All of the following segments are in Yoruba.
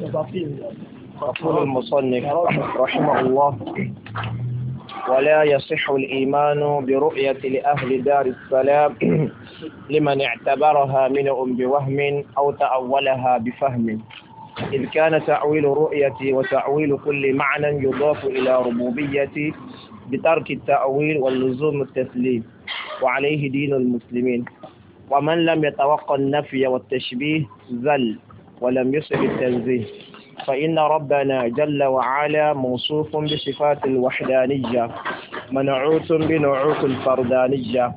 يقول المصنف رحمه الله ولا يصح الإيمان برؤية لأهل دار السلام لمن اعتبرها أم بوهم أو تأولها بفهم إذ كان تعويل الرؤية وتأويل كل معنى يضاف إلى ربوبية بترك التأويل واللزوم التسليم وعليه دين المسلمين ومن لم يتوقع النفي والتشبيه ذل ولم يصب التنزيه فإن ربنا جل وعلا موصوف بصفات الوحدانية منعوت بنعوت الفردانية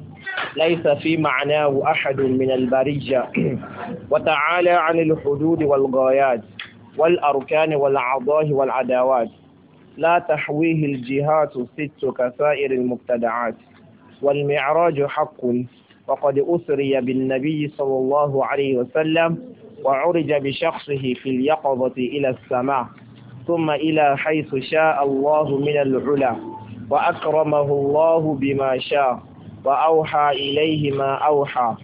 ليس في معناه أحد من البرية وتعالى عن الحدود والغايات والأركان والعضاه والعداوات لا تحويه الجهات الست كسائر المبتدعات والمعراج حق وقد أسري بالنبي صلى الله عليه وسلم وعرج بشخصه في اليقظة إلى السماء ثم إلى حيث شاء الله من العلا وأكرمه الله بما شاء وأوحى إليه ما أوحى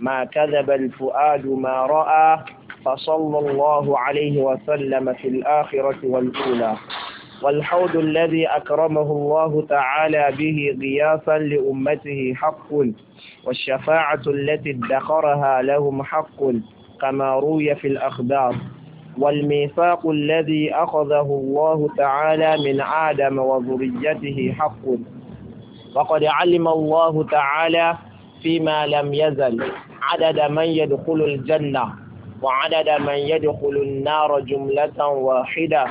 ما كذب الفؤاد ما رأى فصلى الله عليه وسلم في الآخرة والأولى والحوض الذي أكرمه الله تعالى به غياثا لأمته حق والشفاعة التي ادخرها لهم حق كما روي في الأخبار والميثاق الذي أخذه الله تعالى من آدم وذريته حق وقد علم الله تعالى فيما لم يزل عدد من يدخل الجنة وعدد من يدخل النار جملة واحدة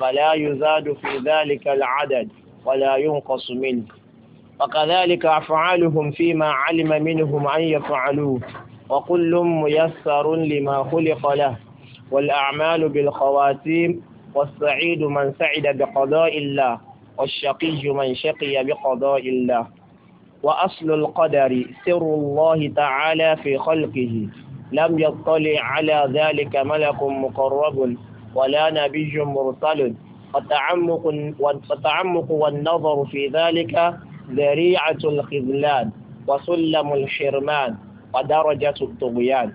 فلا يزاد في ذلك العدد ولا ينقص منه وكذلك أفعالهم فيما علم منهم أن يفعلوه وكل ميسر لما خلق له والأعمال بالخواتيم والسعيد من سعد بقضاء الله والشقي من شقي بقضاء الله وأصل القدر سر الله تعالى في خلقه لم يطلع على ذلك ملك مقرب ولا نبي مرسل والتعمق والتعمق والنظر في ذلك ذريعة الخذلان وسلم الحرمان ودرجة الطغيان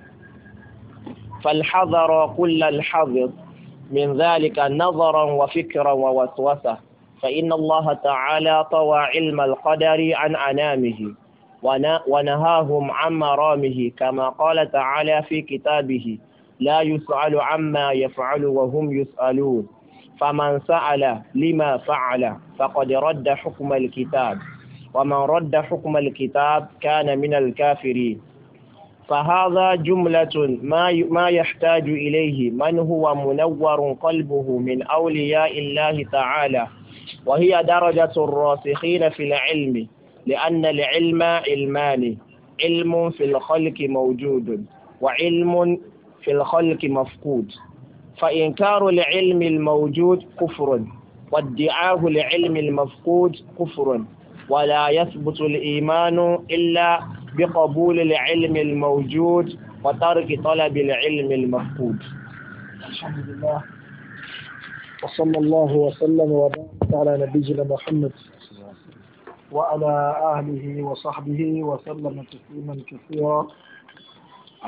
فالحذر كل الحذر من ذلك نظرا وفكرا ووسوسة فإن الله تعالى طوى علم القدر عن أنامه ونهاهم عن مرامه كما قال تعالى في كتابه لا يسأل عما يفعل وهم يسألون فمن سأل لما فعل فقد رد حكم الكتاب ومن رد حكم الكتاب كان من الكافرين فهذا جملة ما ما يحتاج إليه من هو منور قلبه من أولياء الله تعالى وهي درجة الراسخين في العلم لأن العلم علمان علم في الخلق موجود وعلم في الخلق مفقود فإنكار العلم الموجود كفر وادعاه العلم المفقود كفر ولا يثبت الإيمان إلا بقبول العلم الموجود وترك طلب العلم المفقود الحمد لله وصلى الله وسلم وبارك على نبينا محمد وعلى آله وصحبه وسلم تسليما كثيرا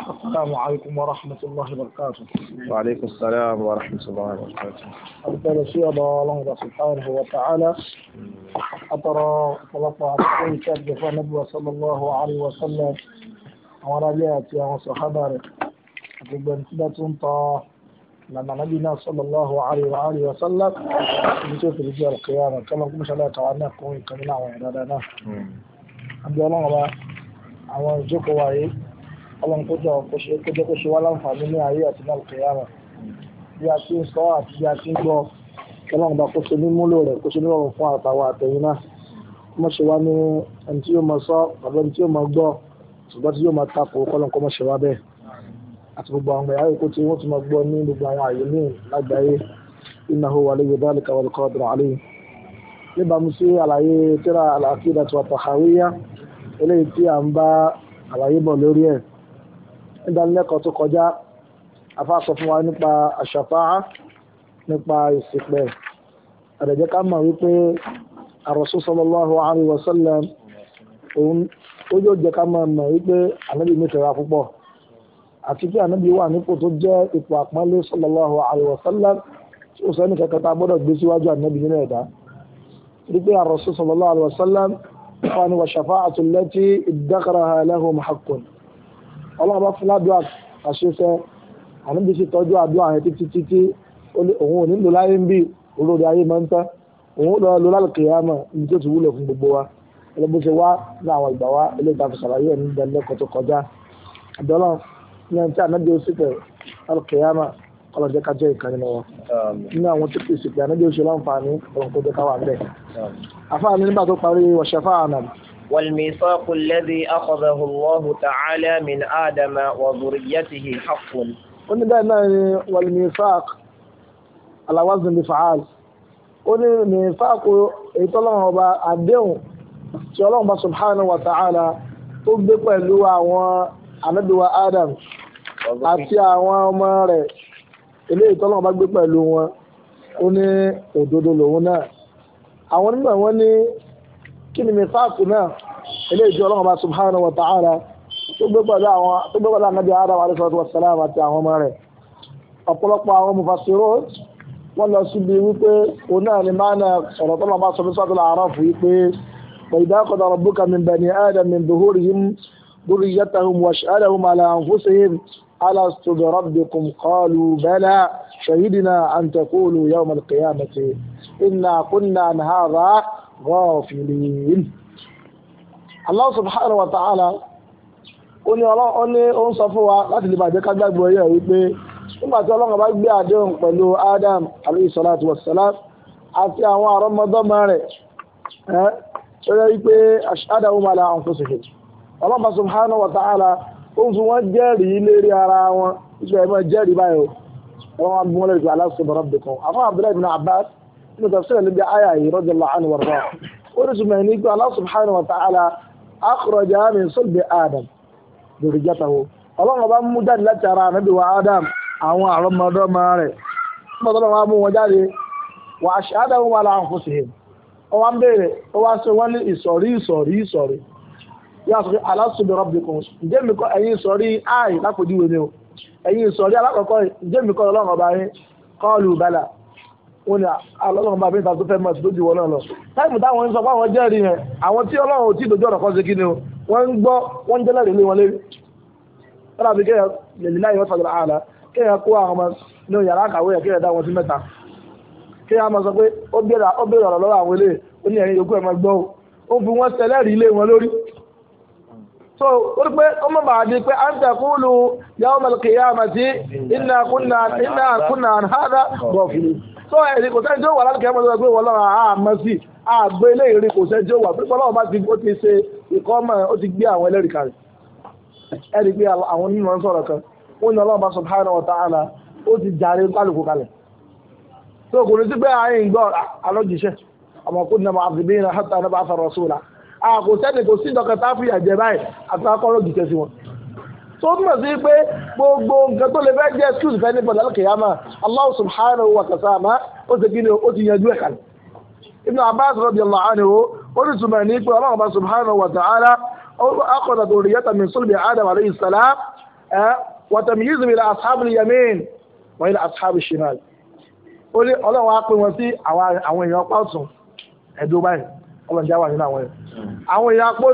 السلام عليكم ورحمة الله وبركاته وعليكم السلام ورحمة الله وبركاته أبدا سيادة الله سبحانه وتعالى أترى طلبة أتكون كذب نبوة صلى الله عليه وسلم وراجعت يا صحابة أتبقى نتبة لما نبينا صلى الله عليه وآله وسلم يشوف رجال القيامة كما قم شاء تعالى كوين كمنا وإعدادنا أبدا الله àwọn ìjókòó ọlọ́run tó jọ kó jẹ́ kó ṣe wá láǹfààní ní ayé àti náà kìíyàmà bí a ti ń sọ àti bí a ti ń gbọ́ ọlọ́run bá kó ṣe ní múlò rẹ̀ kó ṣe ní rọrùn fún àtàwọn àtẹ̀yìn náà mọ̀ ṣe wá ní ẹni tí yóò máa sọ àbẹ́ ẹni tí yóò máa gbọ́ ṣùgbọ́n tí yóò máa takò kọ́lọ́n kọ́ mọ̀ ṣe wá bẹ́ẹ̀ àti gbogbo àwọn ẹ̀yà yòókù tí wọ́n ti máa gbọ́ ní gbogbo àwọn àyè ní lágbàáyé innahu waliyyu dhalika wal qadiru alayhi níbàámu sí àlàyé tíra al-aqidatu wat-tahawiyya eléyìí tí à ń bá àlàyé bọ̀ lórí ẹ̀ ìdánilẹ́kọ̀ọ́ tó kọjá afá sọ fún wa nípa àṣàfáà nípa ìsìpẹ̀ àdẹ̀jẹ́ ká mọ̀ wípé àròsù sallallahu alaihi wa sallam òun ó yóò jẹ́ ká mọ̀ mọ̀ wípé ànábì mi tẹ̀ra púpọ̀ àti pé ànábì wà nípò tó jẹ́ ipò àpọ́nlé sallallahu alaihi wa sallam tí ó sẹ́ni kẹ̀kẹ́ ta gbọ́dọ̀ gbé síwájú ànábì nínú ẹ̀dá wípé àròsù sallallahu alaihi wa sallam wà ní wa shafa'atu allati idakharaha ọlọ́run bá fún ládùúgbà àṣeṣe àníbi ṣe tọ́jú àdúrà yẹn títí títí òun ò ní lò láyé ń bì olórí ayé máa ń tán òun ò lọ lọ lálùkìyàmà ibi tó ti wúlò fún gbogbo wa ẹlẹ́bí ṣe wá ní àwọn ìgbà wa eléyìí tàbí ṣàlàyé ẹ̀mí ìdánilẹ́kọ̀ọ́ tó kọjá àdọ́lọ́ ní ẹni tí ànájẹ́ ó sípẹ̀ lálùkìyàmà kọlọ̀ jẹ́ ká jẹ́ ìkan nínú wọn nínú àwọn tó pèsè pé ànájẹ́ ó ṣe láǹfààní ọ̀rọ̀ والميثاق الذي أخذه الله تعالى من آدم وذريته حق قلنا دائما والميثاق على وزن بفعال قلنا الميثاق يطلعه بأديه tí ọlọ́run bá subhanahu wa ta'ala tó gbé pẹ̀lú àwọn anábìwa adam àti àwọn ọmọ rẹ̀ eléyìí tọ́lọ́run bá gbé pẹ̀lú wọn ó ní òdodo lòun náà àwọn onímọ̀ wọn ní kí ni mẹ́fàkù náà eléyìí tí ọlọ́run bá subhanahu wa ta'ala tó gbé pẹ̀lú àwọn tó gbé pẹ̀lú anabi adam alayhi salatu wa salam àti àwọn ọmọ rẹ̀ ọ̀pọ̀lọpọ̀ àwọn mufasiro wọ́n lọ síbi wípé òun náà ni máa na ọ̀rọ̀ tó máa bá sọ fún sọ́dọ̀ àárọ̀ fún wípé وإذا قضى ربك من بني آدم من ظهورهم ذريتهم وأشهدهم على أنفسهم ألست بربكم قالوا بلى شهدنا أن تقولوا يوم القيامة إنا كنا عن هذا غافلين Allah subhanahu wa ta'ala ó ní ó ń sọ fún wa láti lè bàjẹ́ ká gbàgbọ́ wípé nígbà tí ọlọ́run bá gbé àdéhùn pẹ̀lú Adam alayhi salatu wa salam àti àwọn àrọ́mọdọ́mọ rẹ̀ ẹ́ ó yẹ wípé ashhadahum ala anfusihim ọlọ́run bá subhanahu wa ta'ala ó ń fi wọ́n jẹ́rìí lérí ara wọn ìṣẹ̀lẹ̀ mọ́ jẹ́rìí báyìí ọlọ́run bá gbé wọn lórí nínú tafsir níbi àyà yìí radiyallahu anhu wàrà orísun mẹ́rin nígbà Allah subhanahu wa ta'ala akhraja min sulbi adam dhurriyyatahu ọlọ́run ọba mú jáde láti ara ànábì wa adam àwọn àrọ́mọdọ́mọ rẹ̀ mọ́tọ́lọ́ wa mú wọn jáde wa ashhadahum ala anfusihim ọwá ń bèèrè ọwá sí wọ́n ní ìsọ̀rí ìsọ̀rí ìsọ̀rí yóò sọ pé alastu bi rabbikum ǹjẹ́ mi kọ́ ẹ̀yin ìsọ̀rí àì o ẹ̀yin ìsọ̀rí alákọ̀ọ́kọ́ ǹjẹ́ mi kọ́ ọlọ́run ọba bala wọn ni alọ́lọ́run bá mi ta tó fẹ́ mọ̀ sí wọn náà lọ. táìmù táwọn ń sọ àwọn jẹ́rìí yẹn àwọn tí ọlọ́run dojú kan ṣe kí ni o wọ́n ń gbọ́ wọ́n ń jẹ́lẹ̀ lé wọn lérí. kéèyàn láyé wọ́n kéèyàn kó àwọn ọmọ ní yàrá àkàwé yẹn kéèyàn dá wọn sí mẹ́ta. kéèyàn sọ pé ó ọ̀rọ̀ wọ́n mọ̀ bàá di pé à ń sọ ẹ̀rí kò sẹ́ni tí ó wà lálùkẹ́ mọ́ sọ pé wọ́n lọ́ra àmọ́ sí ah, àgbẹ̀ ilé ìrìn kò sẹ́ni tí ó wà pé Ọlọ́run bá ti ó ti ṣe ìkọ́mọ̀ ó ti gbé àwọn ẹlẹ́rìí kalẹ̀ ẹ̀rí pé àwọn onímọ̀ ń sọ̀rọ̀ kan ó ní Ọlọ́run bá subhanahu wa ta'ala ó ti jàre kálukú kalẹ̀ tó kò ní sí pé àyè gbọ́ alọ́jìṣẹ́ ah, àmọ́ kó tó túmọ̀ sí pé gbogbo nǹkan tó lè fẹ́ jẹ́ excuse fẹ́ nípa ìdálẹ́ kìyàmà Allah subhanahu wa ta'ala ó ti kí ni ó ti yanjú ẹ̀ kalẹ̀ Ibn Abbas radiyallahu anhu ó ní túmọ̀ ní pé ọlọ́run bá wa ta'ala akọ̀dà tó rí yàtọ̀ min sulbi Adam alayhi salam wa tamyizu yamin ó ní á pè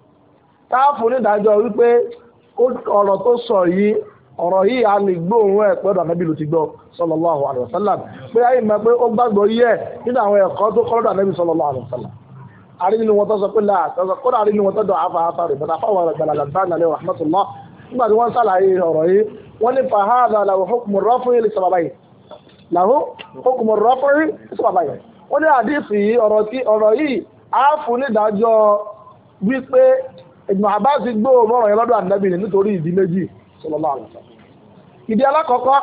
káàfù onídàájọ́ wípé ọ̀rọ̀ tó sọ yìí ọ̀rọ̀ yìí a lè gbọ́ òun ẹ̀ pẹ́ẹ́dọ̀ ànábì ló ti gbọ́ sallallahu alaihi wasallam pé ayé mọ̀ pé ó gbàgbọ́ yẹ nínú àwọn ẹ̀kọ́ tó kọ́ lọ́dọ̀ ànábì sallallahu alaihi wasallam àrí nínú wọn tó sọ pé láà sọ kódà àrí nínú wọn tó dọ̀ afa afa rẹ̀ bàtà fáwọn ọ̀rọ̀ gbàlà nàlẹ́ rahmatullah nígbà tí wọ́n sàlàyé ọ̀rọ̀ yìí wọ́n ní fàhádà làwọn hukumu rọ́fún yìí sábàbá yìí làwọn hukumu rọ́fún yìí sábàbá yìí wọ́n ní àdìsí ọ̀rọ̀ yìí àáfù wípé Ibn Abbas gbóòrò mọ́rọ̀ yẹn lọ́dọ̀ ànábì ni nítorí ìdí méjì sallallahu alaihi ìdí alákọ̀ọ́kọ́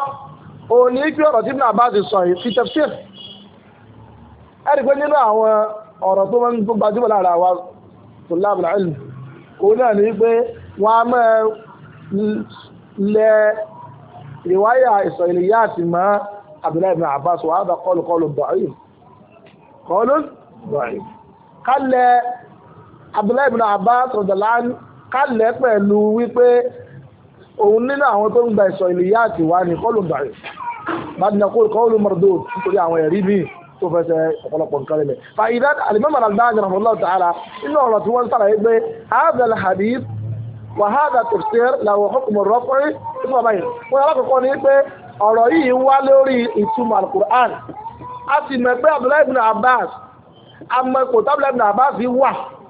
òun ni ipe ọ̀rọ̀ tí Ibn Abbas sọ yìí Ẹ rí pé nínú àwọn ọ̀rọ̀ tó máa ń gbajúmọ̀ lára wa òun náà ni pé wọ́n á máa lẹ ìwáyà mọ́ Abdullahi Ibn Abbas abdullahi ibn abbas ọ̀dọ̀lán kálẹ̀ pẹ̀lú wípé òun nínú àwọn tó ń gba ìsọ̀ ìlú yá àti wá ní kọ́lù bàrẹ̀ bàdìnà kọ́lù mọ̀rọ̀dọ̀ nítorí àwọn ẹ̀rí míì tó fẹsẹ̀ ọ̀pọ̀lọpọ̀ nǹkan rẹ̀ fa ìdá alimọ́mọ̀ náà dáhùn ọ̀rọ̀ lọ́wọ́ tààrà nínú ọ̀rọ̀ tí wọ́n sàlàyé pé hadha al hadith wa hadha tafsir lahu hukm al raf'i nínú ọba yìí wọ́n yàrá kọ̀kọ́ ni pé ọ̀rọ̀ yìí wá lórí ìtumọ̀ alukur'an a sì mọ̀ pé abdullahi ibn abbas àmọ́ tábìlì ibn abbas wà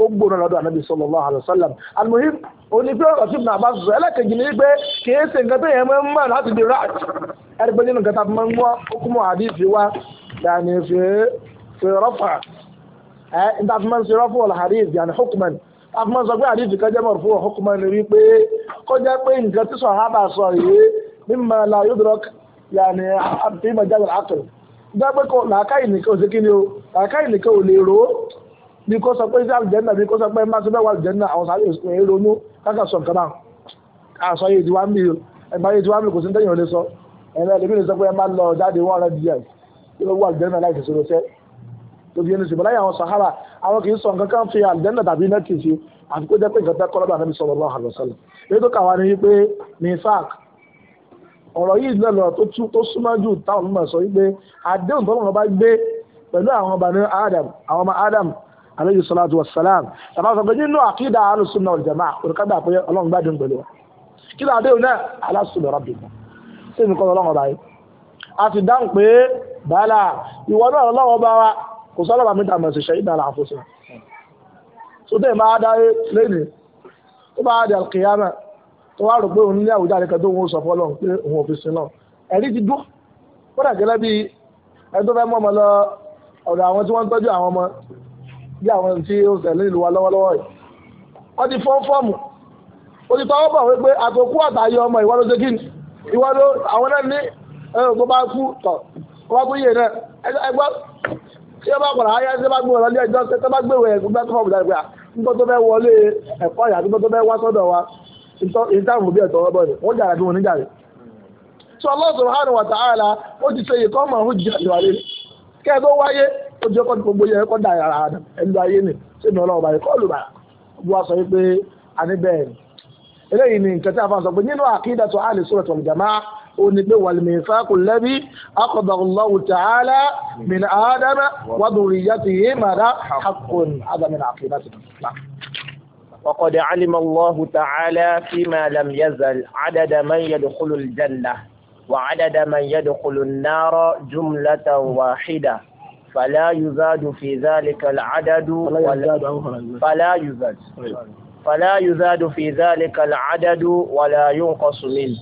ó gbóná lọ́dọ̀ ànábì onífẹ́ sọ ẹlẹ́kẹ̀jì ni wípé kìí ṣe nǹkan tó yẹn máa ń mọ̀ láti di rat nínú nǹkan tá a máa ń wọ́ okùnmọ̀ àdìsí wa fi fi rọ́fà ẹ níta fi máa ń ṣe rọ́fà wọ̀lá àdìs yàní hukman a fi máa ń sọ pé àdìsí kọjá mọ̀ fún hukman ni wípé kọjá pé bí kò sọ pé iṣẹ́ àlùjẹ́nà bí kò sọ pé máṣe mẹ́wàá àlùjẹ́nà àwọn sáré ìsìn ronú káàkà sọ nǹkan náà àṣọ yìí ti wá ń bí ẹgbà yìí ti wá ń bí kò sí ní tẹ́yìn ò lè sọ ẹ̀rọ ẹ̀lẹ́bí lè sọ pé ẹ máa lọ jáde one hundred years kí ló wà àlùjẹ́nà láì tẹ̀sí lọ́sẹ̀ tó fi ẹni sèbọ̀láyà àwọn sahara àwọn kì í sọ nǹkan kan fi àlùjẹ́nà tàbí nẹ́tì sí àfi kó jẹ́ pé nǹkan tẹ́ kọ́ lọ́dọ̀ ànábi sọ̀rọ̀ lọ́hàn lọ́sọ̀lọ̀ èyí tó kà wá ní wípé ní fák ọ̀rọ̀ yìí lọ́lọ́ tó súnmọ́ jù táwọn mímọ̀ sọ wípé àdéhùn tọ́lọ́mọ bá gbé pẹ̀lú àwọn ọba ní Adam àwọn ọmọ Adam aleyhi salatu wa salam tàbá sọ pé nínú àkídà alùsùn náà jẹ̀má olùkádà pé ọlọ́run gbádùn pẹ̀lú wa kí ló àdéhùn náà alásùn lọ́rọ̀ bìbọn sí nìkan ọlọ́run ọba yìí a sì dáhùn pé bàálà ìwọ náà ọlọ́run ọba wa kò sọ ọlọ́run àmì tàbí ṣẹṣẹ ìdàlà àfọṣẹ tó dé máa dá e lẹ́nu tó bá dé alkiyama tó wá rò pé òun ní àwùjọ àdékẹ́ tó ń sọ fọlọ́run pé òun ò fi sin náà ẹ̀rí ti dún kódà gẹ́lẹ́ bíi ẹni tó fẹ́ mọ́ ọmọ lọ ọ̀dọ̀ àwọn tí wọ́n ń tọ́jú àwọn ọmọ bí àwọn tí ó ṣẹlẹ̀ nílùú wa lọ́wọ́lọ́wọ́ yìí wọ́n ti fọ́n fọ́ọ̀mù ó ti tọwọ́ bọ̀ wípé àtòkú àtàyè ọmọ ìwà ló ṣe kí ni àwọn náà ní ẹ̀rọ bá kú tọ̀ bá kú yìí náà tí ó bá pọ̀ láyé bá gbé ẹjọ́ bá gbé tó fẹ́ wọlé ẹ̀kọ́ ìyá tó fẹ́ ó jẹ́ kọ́ gbogbo yẹ kọ́ da ara rẹ̀ ẹlú ayé nì sínú ọlọ́ọ̀bá yìí kọ́ lùbàrà wọ́n wá sọ wípé àníbẹ̀ẹ́ ni eléyìí ni nǹkan tí a fa sọ pé nínú àkídà tó àlè sọ̀rọ̀ tó jàmá ó ní pé wàlùmí fáàkù lẹ́bí akọ̀dọ̀lọ́wù tààlà min ádámà wàdùnrí yàtì yìí màdá hakùn ádámà ní àkídà tó nà. وقد علم الله تعالى فيما لم يزل عدد من يدخل الجنة وعدد من يدخل النار جملة واحدة فلا يزاد في ذلك العدد فلا يزاد فلا يزاد طيب. فلا يزاد في ذلك العدد ولا ينقص منه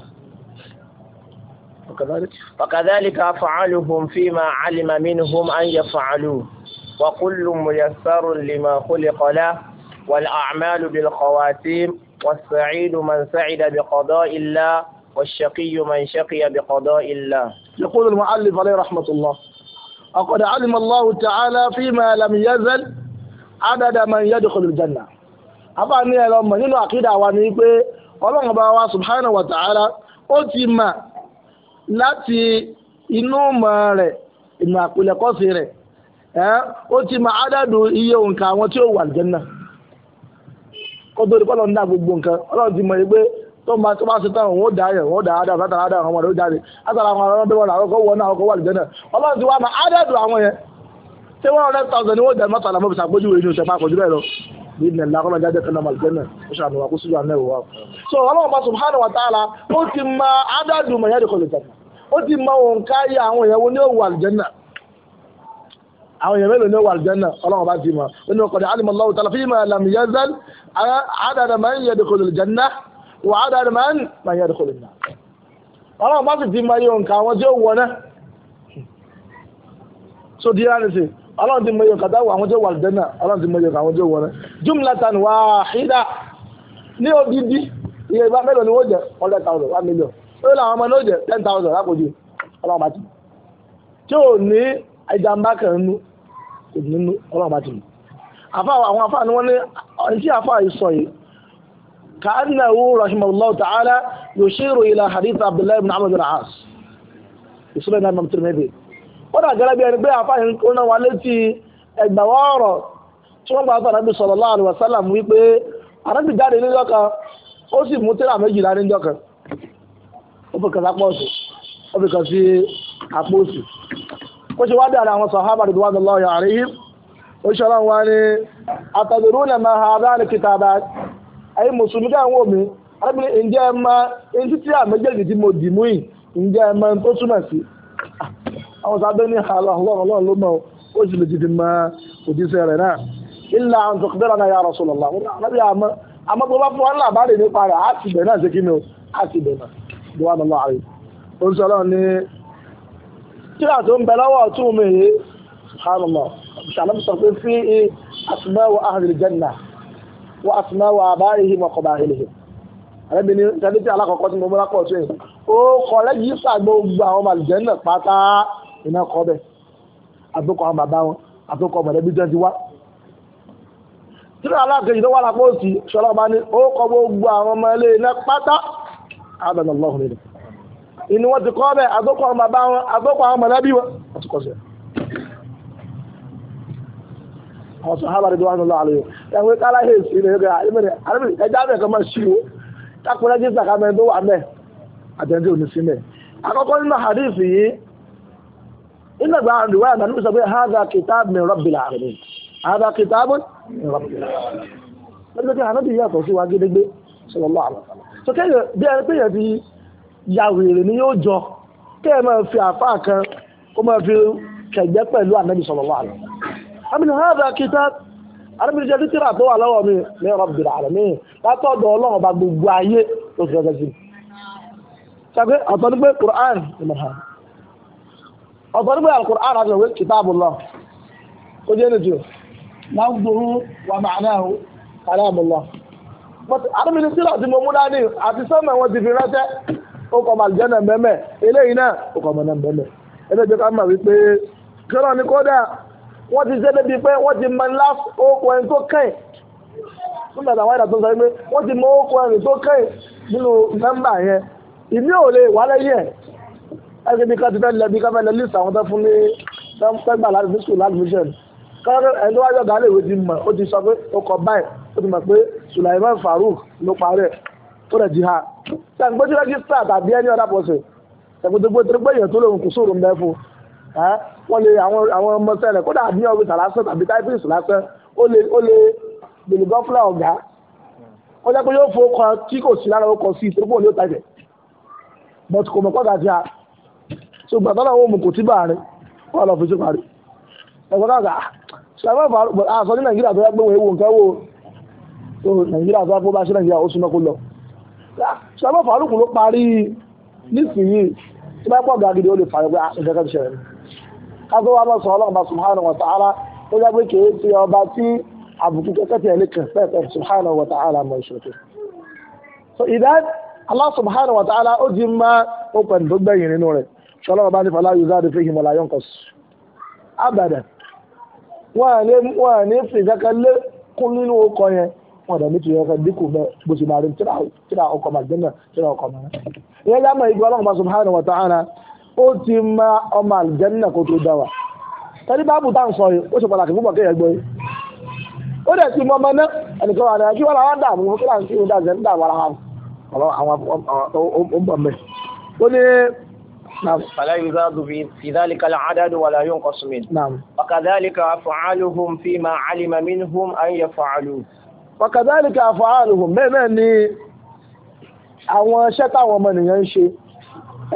وكذلك وكذلك أفعالهم فيما علم منهم أن يفعلوه وكل ميسر لما خلق له والأعمال بالخواتيم والسعيد من سعد بقضاء الله والشقي من شقي بقضاء الله يقول المؤلف عليه رحمة الله وقد علم الله تعالى فيما لم يزل عدد من يدخل الجنة afa ni ẹ̀rọ mọ̀ nínú àkídà wa ni pé ọlọ́run bá wa subhanahu wa ta'ala o ti mà láti inú mọ̀ rẹ̀ ìmọ̀ àpilẹ̀kọ́sí rẹ̀ O ti mà ádàdù iye òǹkà àwọn tí ó wà tó máa tó máa ṣe tán òun ó dá yẹn òun ó dá ádá látara ádá àwọn ọmọdé ó jáde látara àwọn ọmọdé bẹ́ẹ̀ wọ́n àkọ́kọ́ wọ́n náà àkọ́kọ́ wà lùjẹ́ náà ọlọ́run ti wá máa ádẹ́dù àwọn yẹn tí one hundred thousand ni wọ́n jẹ́ mọ́tàlá mọ́bi sàgbójúwe ní oṣù pàkójú bẹ́ẹ̀ lọ bíbélì ńlá kọ́nà jáde kan náà màlùjẹ́ náà ó ṣàmì wà kó síjú àná ìwà. so ọlọ́run bá subhanahu wa ta'ala ó ti mọ ádádù mọ̀ yẹ́dì kọlù jẹ̀nà ó ti mọ òǹkà yẹ àwọn èèyàn wọn àwọn èèyàn mélòó ní òwò àlùjẹ́nà ọlọ́run bá ti mọ̀ ó ní ọkọ̀ ní alimọ̀lọ́wọ́ tàlàfíìmọ̀ làmìyẹ́zẹ́l àdàdàmọ̀ yẹ́dì kọlù jẹ̀nà wà á dáadé máa ń máa yẹ ẹ̀dẹ́kọ̀ọ́ lẹ́yìn náà ọlọ́run ti mọ iye nǹkan àwọn tí ó wọ so di yára nìsín ọlọ́run ti mọ iye nǹkan táwọn àwọn tí ó wà lẹ́dẹ́ náà ọlọ́run ti mọ iye nǹkan àwọn tí ó wọ náà jumlatan wahida ní odidi iye ìgbà mélòó ni wọ́n jẹ one hundred thousand one million ó làwọn ọmọ náà jẹ ten thousand lápòjì ọlọ́run bá ti tí ò ní kan nínú kò nínú ọlọ́run ti mọ àfa àwọn ni wọ́n ní ẹni tí àfa yìí sọ كأنه رحمه الله تعالى يشير إلى حديث عبد الله بن عمرو بن العاص يسمى الإمام الترمذي wọ́n dà gẹ́gẹ́ bí ẹni pé àfáà yẹn kúnná wa létí ẹgbàwọ́ ọ̀rọ̀ tí wọ́n gbà tó ànábì sallallahu alaihi wasallam wípé ànábì jáde níjọ́ kan ó sì mú tírà méjìlá níjọ́ kan ó fi kàn sápọ̀ ọ̀sùn ó fi kàn sí àpò òsì ó ṣe wá dé àrà àwọn sàhábà ridwanullahi alaihim ó ṣe ọlọ́run wá ní atadruna ma hadani kitaban ẹ̀yin mùsùlùmí káwọn wò mí arábìnrin ǹjẹ́ mo tó túmọ̀ sí. àwọn sábẹ́ ọlọ́run ọlọ́run ló di náà ilà náà ya Rasulullah àmọ́ wọ́n fún wọ́n asùnmọ́ wà báyìí mọ̀ kọ̀ báyìí lè. àrẹ́bìnrin tẹ́lẹ̀ tí alákọ̀ọ́kọ́ tí mo múra kọ̀ tó yẹn ó kọ̀ lẹ́yìn yìí sà gbogbo àwọn màlìjẹ́ náà pátá iná kọ́ bẹ̀ àtúkọ̀ àwọn bàbá wọn àtúkọ̀ mọ̀lẹ́bí jẹ́ ti wá. tíra alákejì tó wà lápò òsì sọlá ọba ni ó kọ gbogbo àwọn ọmọ ilé iná pátá àbẹ̀nà lọ́hùn ìní wọn ti kọ́ bẹ̀ àtúkọ̀ àwọn bàbá wọn àtúkọ̀ àwọn mọ̀lẹ́bí wọn àtúkọ̀ sí ẹ̀. àwọn sọ̀hábà rẹ̀ wà lọ́wọ́ àlọ́ yìí ẹ̀wọ̀n kálá hẹ̀ sí ilẹ̀ yóò kẹ́ ẹja bẹ̀ kọ́ máa ṣí o takùnrin jí sàkà mẹ́rin tó wà mẹ́ àtẹ̀ntì òní sí mẹ́. àkọ́kọ́ nínú hadith yìí nínú ìgbà àdúrà ìgbà níbi sọ pé hadha kitab min rabbil alamin hadha kitab min rabbil alamin. lọ́dún tí àná ti yàtọ̀ sí wa gédégbé sallallahu alaihi wasallam. sọ kẹ́yìn bí pẹ̀lú ànábì sallallahu alaihi wasallam àmì hàdà kìtà arábìnrin jẹ́ títí àtọ́ wà lọ́wọ́ mi ní rabbil alamin látọ̀dọ̀ ọlọ́run ọba gbogbo ayé tó ti rẹ̀ sí. ṣàgbé ọ̀tọ̀ ní pé quran ìmọ̀ràn ọ̀tọ̀ ní pé alukur'an àti ìwé kitabullah ó jẹ́ nìjú láwùjọ́rú wà ma'nahu kalamullah. arábìnrin tí láti mọ mú dání àti sọ́mọ̀ wọn ti fi ránṣẹ́ ó kọ́ màlì jẹ́nà mẹ́mẹ́ eléyìí náà ó kọ́ mọ̀ náà mẹ́mẹ́ wọ́n ti jẹ́ débi pé wọ́n ti mọ last okò ẹni tó kẹ́yìn fún bàtà wáyà tó ń sọ pé wọ́n ti mọ okò ẹni tó kẹ́yìn nínú mẹ́mbà yẹn ìmí ò lè wà lẹ́yìn ẹ̀ ẹgbẹ́ bí káti fẹ́ lẹ́bi káfẹ́ lẹ́ list àwọn tó fún ní tẹ́gbà láti fi school láti vision kọ́kọ́ ẹni tó wáyọ̀ gàálẹ̀ ìwé ti mọ̀ ó ti sọ pé ó kọ báyìí ó ti mọ̀ pé Sulaiman Farouk ló parẹ́ tó rẹ̀ jìhà ṣàǹgbójú rẹ́gísítà tàbí ẹni ọ̀dà pọ̀sẹ̀ ṣàǹgbójú gbé torí pé èèyàn tó lòun kò sóòrò ń bẹ́ fún un wọ́n lè àwọn àwọn ọmọọṣẹ́ rẹ̀ kódà ní ọ̀gbìn sàlásán tàbí táìpìsì lásán ó lè ó lè gbèlè gọ́fúlà ọ̀gá ó jẹ́ pé yóò fowó kan tí kò sí lára ọkọ̀ sí ìtòkùn òní ó tajẹ̀ but kò mọ̀ kọ́ta ti a ṣùgbọ́n tọ́lá òun mùkù tí bàárín wọ́n lọ fi ṣe parí ẹ̀kọ́ náà ṣàfẹ́ fà á sọ ní nàìjíríà tó yẹ pé wọ́n ewu nǹkan wò ó nàìjíríà tó yẹ pé bá ṣe nàìjíríà ó súnmọ́ kó lọ ṣàfẹ́ fà á ló parí nísìnyí tí bá pọ̀ gàgìdì ó lè fà á ìjọba ti ṣẹlẹ̀ kátó wá lọ́sàn ọlọ́run bá subhanahu wa ta'ala tó yá pé kìí ti ọba tí àbùkù kẹ́kẹ́ tiẹ̀ lè kàn pẹ́ẹ́pẹ́ subhanahu wa ta'ala mọ̀ ìṣòro. so ìdán Allah subhanahu wa ta'ala ó di máa ó pẹ̀lú tó gbẹ̀yìn nínú rẹ̀ ṣọlọ́run bá ní fala yuzadu fihim wala yunqas abadan wọ́n à ní fìdákẹ́ lékún nínú ọkọ̀ yẹn wọ́n dẹ̀ ní ti yọ ọkọ̀ dínkù bẹ́ẹ̀ bó ti máa rí tíra ọkọ̀ màgbẹ́nà tíra ọkọ̀ màgbẹ́nà. ìyẹn lámà ìgbọ́ ọlọ́run ó ti ma ọmọ àlùjànnà kó tó dá wa tẹ́lí báàbù tá à ń sọ yìí ó ṣe pàtàkì púpọ̀ kéèyàn gbọ́ yìí ó dẹ̀ ti mọ ọmọ náà ẹnìkan wà náà kí wọ́n làwọn dààmú kí wọ́n kí wọ́n dà jẹ́ ń dààmú ara wọn ọ̀rọ̀ àwọn ọmọ mẹ́ ó ní. فلا يزاد في ذلك العدد ولا ينقص منه نعم وكذلك أفعالهم فيما علم منهم أن يفعلوه وكذلك أفعالهم bẹ́ẹ̀ bẹ́ẹ̀ ni àwọn iṣẹ́ táwọn ọmọ nìyẹn ń ṣe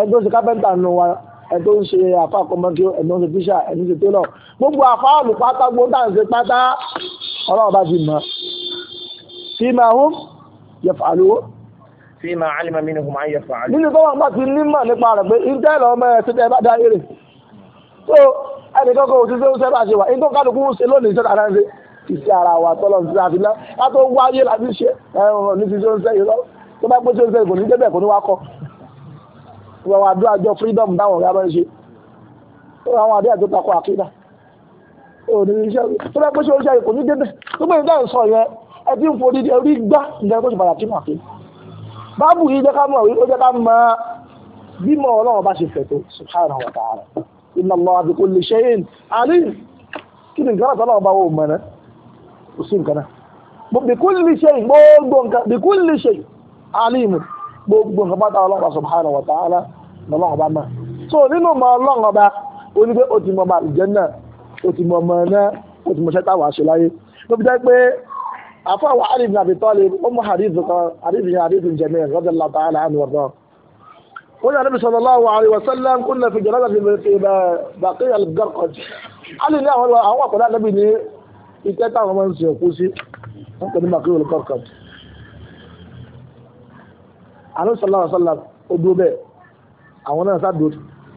ẹni tó ń ṣe kápẹ́ńtà nù wa ẹni tó ń ṣe àfa kọmọkí ẹni tó ń ṣe tíṣà ẹni tó ń ṣe télọ̀ gbogbo àfa olùpátá gbóńtà ń ṣe pátá ọlọ́run bá ti mọ̀ fi máa hún yẹfàlú. fi máa alima mi ni kò máa yẹfàlú. nínú tó wọn bá ti ní mọ̀ nípa rẹ̀ pé ìtẹ́lọ̀ ọmọ ẹ̀ ṣẹ́tẹ́ bá dá eré tó ẹnì kankan ò ti ṣe ń bá ṣe wà ìtọ́ kálukú ń ṣe lónìí ṣẹ́ta náà ṣe ìṣe ara wa tọ́lọ̀ ń ṣe àfi náà ká wáyé láti ṣe ẹ̀rọ ní ti ṣe ń yìí lọ tó bá pé ṣe ń ṣe kò ní débẹ̀ kò ní wá kọ́ ìwà àwọn àdúrà àjọ freedom báwọn ọ̀gá máa ń ṣe àwọn àdúrà tó takọ àkídà òní iṣẹ́ tó bá pèsè oríṣi àyíkò ní débẹ̀ tó bẹ̀rẹ̀ dáhùn sọ yẹn ẹbí ń forí ẹrí gbá ìjẹ́ kó sì padà kí màkí báàbù yìí jẹ́ ká mọ̀ ó jẹ́ ká mọ̀ bímọ ọlọ́run bá ṣe fẹ̀tọ́ subhanahu wa ta'ala inna Allaha bi kulli shay'in alim kí ni nǹkan àtàlọ́ ọba wo mọ̀ náà kò sí nǹkan náà bi kulli shay'in gbogbo nǹkan bi kulli shay'in alim gbogbo nǹkan bá dáa wa ta'ala lọ́lọ́run bá náà so nínú ọmọ ọlọ́run ọba ó mọ ọmọ àlùjánnà ó mọ ọmọ náà ó mọ iṣẹ́ táwọn láyé ló fi jẹ́ pé àfọ àwọn àríf ní àbí ó mú àríf kan àríf ní àríf ní jẹ̀mí radiyallahu ta'ala anhu wọ̀dọ́ ó ní àríf sallallahu alaihi wa sallam fi jẹ̀rọ̀ láti ìbẹ̀ bàkí al alì ní àwọn àkọ́dá àdébì ní ìtẹ́tà àwọn ọmọ ń sìn òkú sí wọ́n pè ní bàkí al àná sọlá ọsọlá ó dúró bẹ́ẹ̀ àwọn náà sábà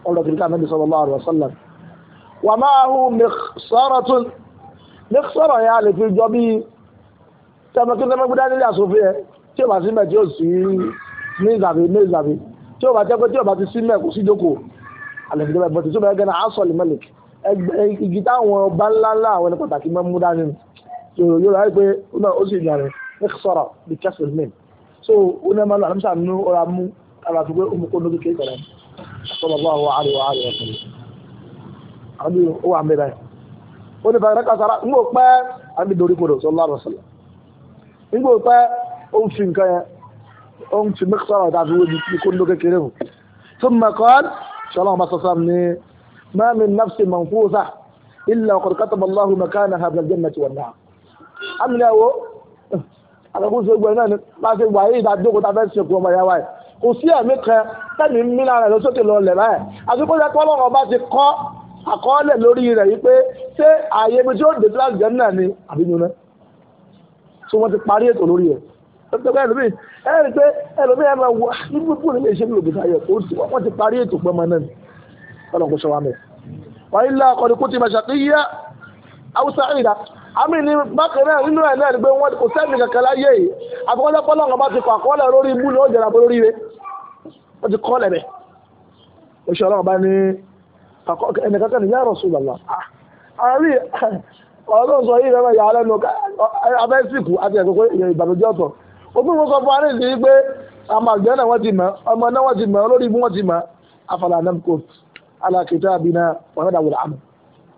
ọlọ kìrìkà ànábì sọlá ọlọ ọsọlá wà máa hu mẹsọrọ tún mẹsọrọ yẹn a lè fi jọ bí tẹmẹkí tẹmẹkí dání ilé àsòfin yẹn tí o bá sí mẹ tí o sì ní ìzàbí ní ìzàbí tí o bá jẹ pé tí o bá ti sí mẹ kò sí jókòó àlẹ fi jọ bẹ́ẹ̀ bọtí tó bẹ́ẹ̀ gẹnà ẹgbẹ́ igi táwọn ọba ńlá ńlá àwọn ẹni pàtàkì máa dání yóò ráyè pé ó sì yàrá mẹsọrọ bí kẹsìlì so onímọ̀ náà àlùmísà nínú ọ̀rọ̀ amú ara fi pé omukó lórí kékeré sọlọ́lá àwọn àríwá àríwá sọ̀rọ̀ àwọn bí ó wà mẹ́rẹ̀ ó ní bàtà kásárà ń gbò pẹ́ àbí dorí kodò sọlọ́lá àwọn sọlọ́ ń gbò pẹ́ ó ń fi nǹkan yẹn ó ń fi mẹ́kọ̀sọ̀rọ̀ àti àfiwé bí kó lórí kékeré hù tó mẹ́kọ́ sọlọ́ àwọn sọ̀sọ́ ní mẹ́mi nafsi manfusa illa qad kataba Allahu makanaha bil jannati wan àtẹkùn sí gbogbo ẹ náà ni bá ṣe wà yìí ìdájókòó ta fẹ́ ṣe kú ọmọ ìyáwá yìí kò sí ẹ̀mí kan tẹ́mi ń mí lára rẹ̀ lọ́sọ́kè lọ lẹ̀ báyìí àtúkò yẹ kọ́ lọ́rọ̀ bá ti kọ́ àkọọ́lẹ̀ lórí rẹ̀ yìí pé ṣé ààyè ibi tí ó dé láti jẹ́ náà ni àbí yunná tí wọ́n ti parí ètò lórí ẹ̀ ẹgbẹ́ ẹlòmíì ẹ̀rí pé ẹlòmíì ẹ̀ máa wọ níbi fún ilé iṣẹ́ nílò gbèsè ayẹ̀ wọ́n ti parí ètò pẹ́ máa náà ni ọlọ́kùnrin sọ wa mẹ́ wàá ilé akọni kó ti máa ṣàkíyá haúsá ìdá àmì ní bákan náà nínú ẹ̀ náà ni pé wọ́n kò sẹ́ẹ̀mì kankan láyé yìí àbíkọ́jọ́ pọ́lọ́ ọ̀gá bá ti kọ àkọọ́lẹ̀ lórí ibú ni ó jẹ̀rà bó lórí rẹ̀ wọ́n ti kọ́ọ̀lẹ̀ rẹ̀ oṣù ọlọ́run bá ní ẹnìkankan ní ya Rasulullah ah, àárí ọlọ́run sọ yìí rẹ̀ yàrá lẹ́nu abẹ́sìkù àti ẹ̀kọ́ ìbànújẹ́ ọ̀tọ̀ òfin mo sọ fún wa nídìí pé àmọ́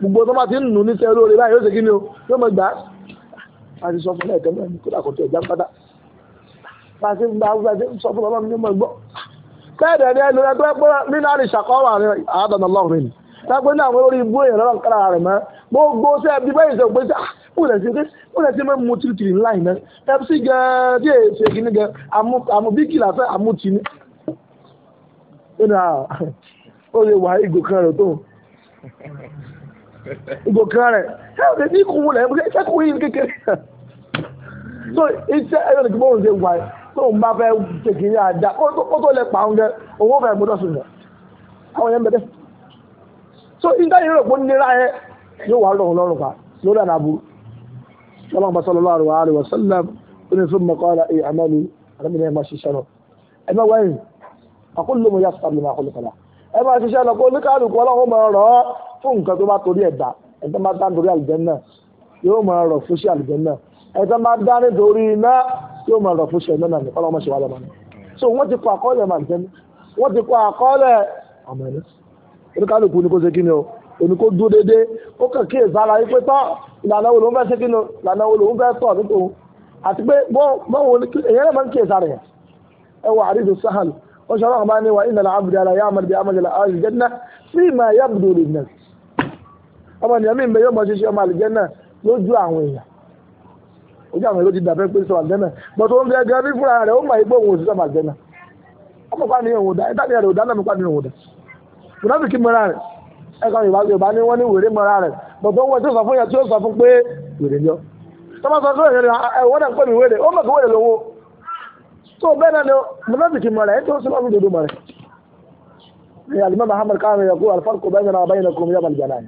gbogbo tó bá ti ń nù ní sẹ́rú orí báyìí yóò ṣe kí ni o yóò mọ̀ gbà á àti sọ fún ẹ̀kẹ́ mẹ́rin kó dàkọ̀tọ̀ ẹ̀já pátá bá a ṣe ń gba àwọn ṣe ń sọ fún ọlọ́run ní mọ̀ gbọ́. bẹ́ẹ̀ ni ẹnu rẹ tó pé nínú àríṣàkọ́wà rẹ àádọ́nà ọlọ́run ni tápé ní àwọn olórí ibú èèyàn lọ́rùn kára rẹ̀ mọ́ gbogbo ṣe ẹbí bẹ́ẹ̀ ṣe pé ó lè ṣe mọ́ mu tìrìtìrì ńlá yìí náà fc gan-an tí ìgò kan rẹ̀ ṣé ní kò wọlé ṣé kò yí kékeré so iṣẹ́ eh, ẹ̀rọ ìdìbò òun ṣe wà tó ń bá fẹ́ kékeré àdá ó tó lẹ pa oúnjẹ owó fẹ́ gbọdọ̀ sùn lọ àwọn yẹn bẹ̀rẹ̀ so ìdá yìí rẹ̀ pé nira yẹn eh, yóò wà lọ́rùn lọ́rùn pa lórí àná aburú sọlọ́n bá sọlọ́ lọ́rùn wàhálì wà sọlọ́m tó ní fún mọ́kọ́ ọ̀la ẹ̀ àmọ́lu àdàmìnira ẹ̀ máa ṣiṣẹ́ lọ ẹ bá wáyìn àkúlùmọ̀ yà sọ̀tàmì máa kọ́lù kọ́lá ẹ máa ṣiṣẹ́ lọ kó oníkàlùkù ọlọ́run máa rọ̀ ọ́ fún nǹkan tó bá torí ẹ̀dá ẹ̀tọ́ bá dá nítorí àlùjànnà yóò máa rọ̀ fún sí àlùjànnà ẹ̀tọ́ bá dá nítorí iná yóò máa rọ̀ fún sí ẹ̀mẹ́nà nìkan lọ́mọ ṣe wà lọ́mọ ni. so wọ́n ti kọ àkọọ́lẹ̀ màlìjẹ́nà wọ́n ti kọ àkọọ́lẹ̀ ọmọ ẹni oníkálukú ni kò ṣe kí ni o òní kò dúró déédéé ó kàn kí ìzára yìí pé tán ìlànà wo ló ń fẹ́ ṣe ṣe ọlọ́run bá ní wa ìlànà àbùdá ara yá àmàlùbí àmàlùbí àjùjẹ́ náà sí ìmọ̀ ẹ̀yà àbùdó lè nà sí ọmọ ènìyàn mi ń yóò mọ ṣiṣẹ́ ọmọ àlùjẹ́ náà lójú àwọn èèyàn ojú àwọn èèyàn ló ti dàbẹ́ pé sọ àlùjẹ́ náà bọ́tò ó ń gẹ́gẹ́ bí fúnra rẹ̀ ó mọ̀ igbó òun òṣìṣẹ́ àlùjẹ́ náà ọmọ pa ni òun dá ẹ̀dá ni ẹ̀rọ ìdáná mi pa ni òun dá mùnàfíkì mọ́ra rẹ̀ ẹ̀ka Yorùbá ni wọ́n ní wèrè mọ́ra rẹ̀ sọ fún yẹn tí ó sọ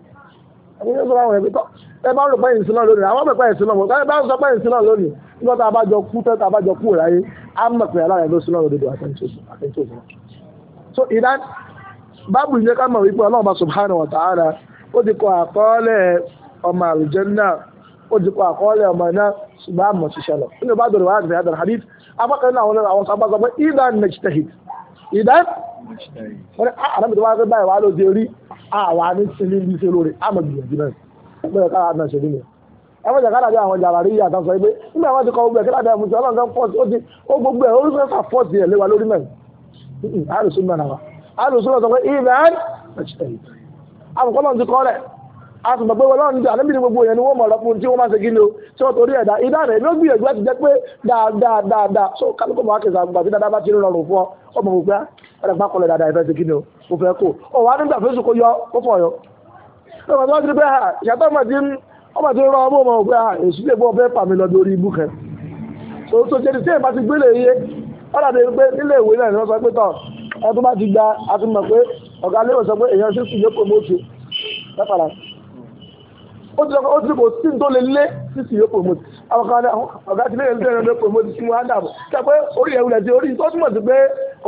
ẹni tó sọ̀rọ̀ àwọn ẹbí tọ́ ẹ bá rò pé ìsìn náà lónìí àwọn mẹ̀pẹ́ ìsìn náà mọ̀ ẹ bá sọ pé ìsìn náà lónìí nígbà tá a bá jọ kú tẹ́ tá a bá jọ kú ìráyé á mọ̀ pé alára ẹ̀dọ́ sí náà lódodo àtẹ̀ntòsí. so ìdá báàbù yẹn ká mọ̀ wípé ọlọ́run bá subhanahu wa ta'ala ó ti kọ àkọọ́lẹ̀ ọmọ àlùjànnà ó ti kọ àkọọ́lẹ̀ ọmọ iná ṣùgbọ́n àmọ̀ ṣiṣẹ́ lọ nínú bá dọ̀rọ̀ wá wọ́n ní ah, àdàbí tó wá pé báyìí wà ló ti rí ah, àwa ní sinmi ní ṣe lórí àmọ̀ ah, gbìyànjú náà bẹ́ẹ̀ káwá náà ṣe nínú ẹ wọ́n jẹ́ káàdà bí àwọn jàràrí yàtọ̀ sọ pé nígbà wọn ti kọ gbogbo ẹ̀ kí ládàá mùsùlùmí ọlọ́run kan fọ́ọ̀tì ó ti ó gbogbo ẹ̀ orí fẹ́ẹ́ fọ́ọ̀tì ẹ̀ léwa lórí mẹ́rin àrùsùn náà wà àrùsùn náà sọ pé ìmẹ́rin àbùkọ́ náà ti kọ́ rẹ̀ a sì mọ̀ pé ọlọ́run ti àlébìnrin gbogbo èèyàn ni wọ́n mọ̀ ọ́ tí wọ́n torí ẹ̀dá ìdá rẹ̀ ló gbìyànjú láti jẹ́ pé dáadáa dáadáa so kálukú máa kẹsàn àgbà tí dáadáa ti rọrùn fún ọ ọmọ òkúta ẹ̀rọ pa kọlẹ̀ dáadáa ìfẹ́ kí ni o mo kó o wà nígbà fésù kó yọ kó fọ̀ yọ. Ah, ọmọ tí wọ́n ti bẹ́ẹ̀ ṣàtọ́ ọmọ tí ń rọ ọmọ ọmọ òkúta èsì lè bọ́ ọ fẹ́ lọ bí ibú kan. so ṣe ó ti lọ́kọ́ ó ti kò sí tó lè lé sísì yóò promote àwọn kan ọ̀gá ti léèrè lórí ẹ̀rọ promote sí wọn dàbò kí a pé orí ẹ̀ wulẹ̀ ti orí tó túmọ̀ sí pé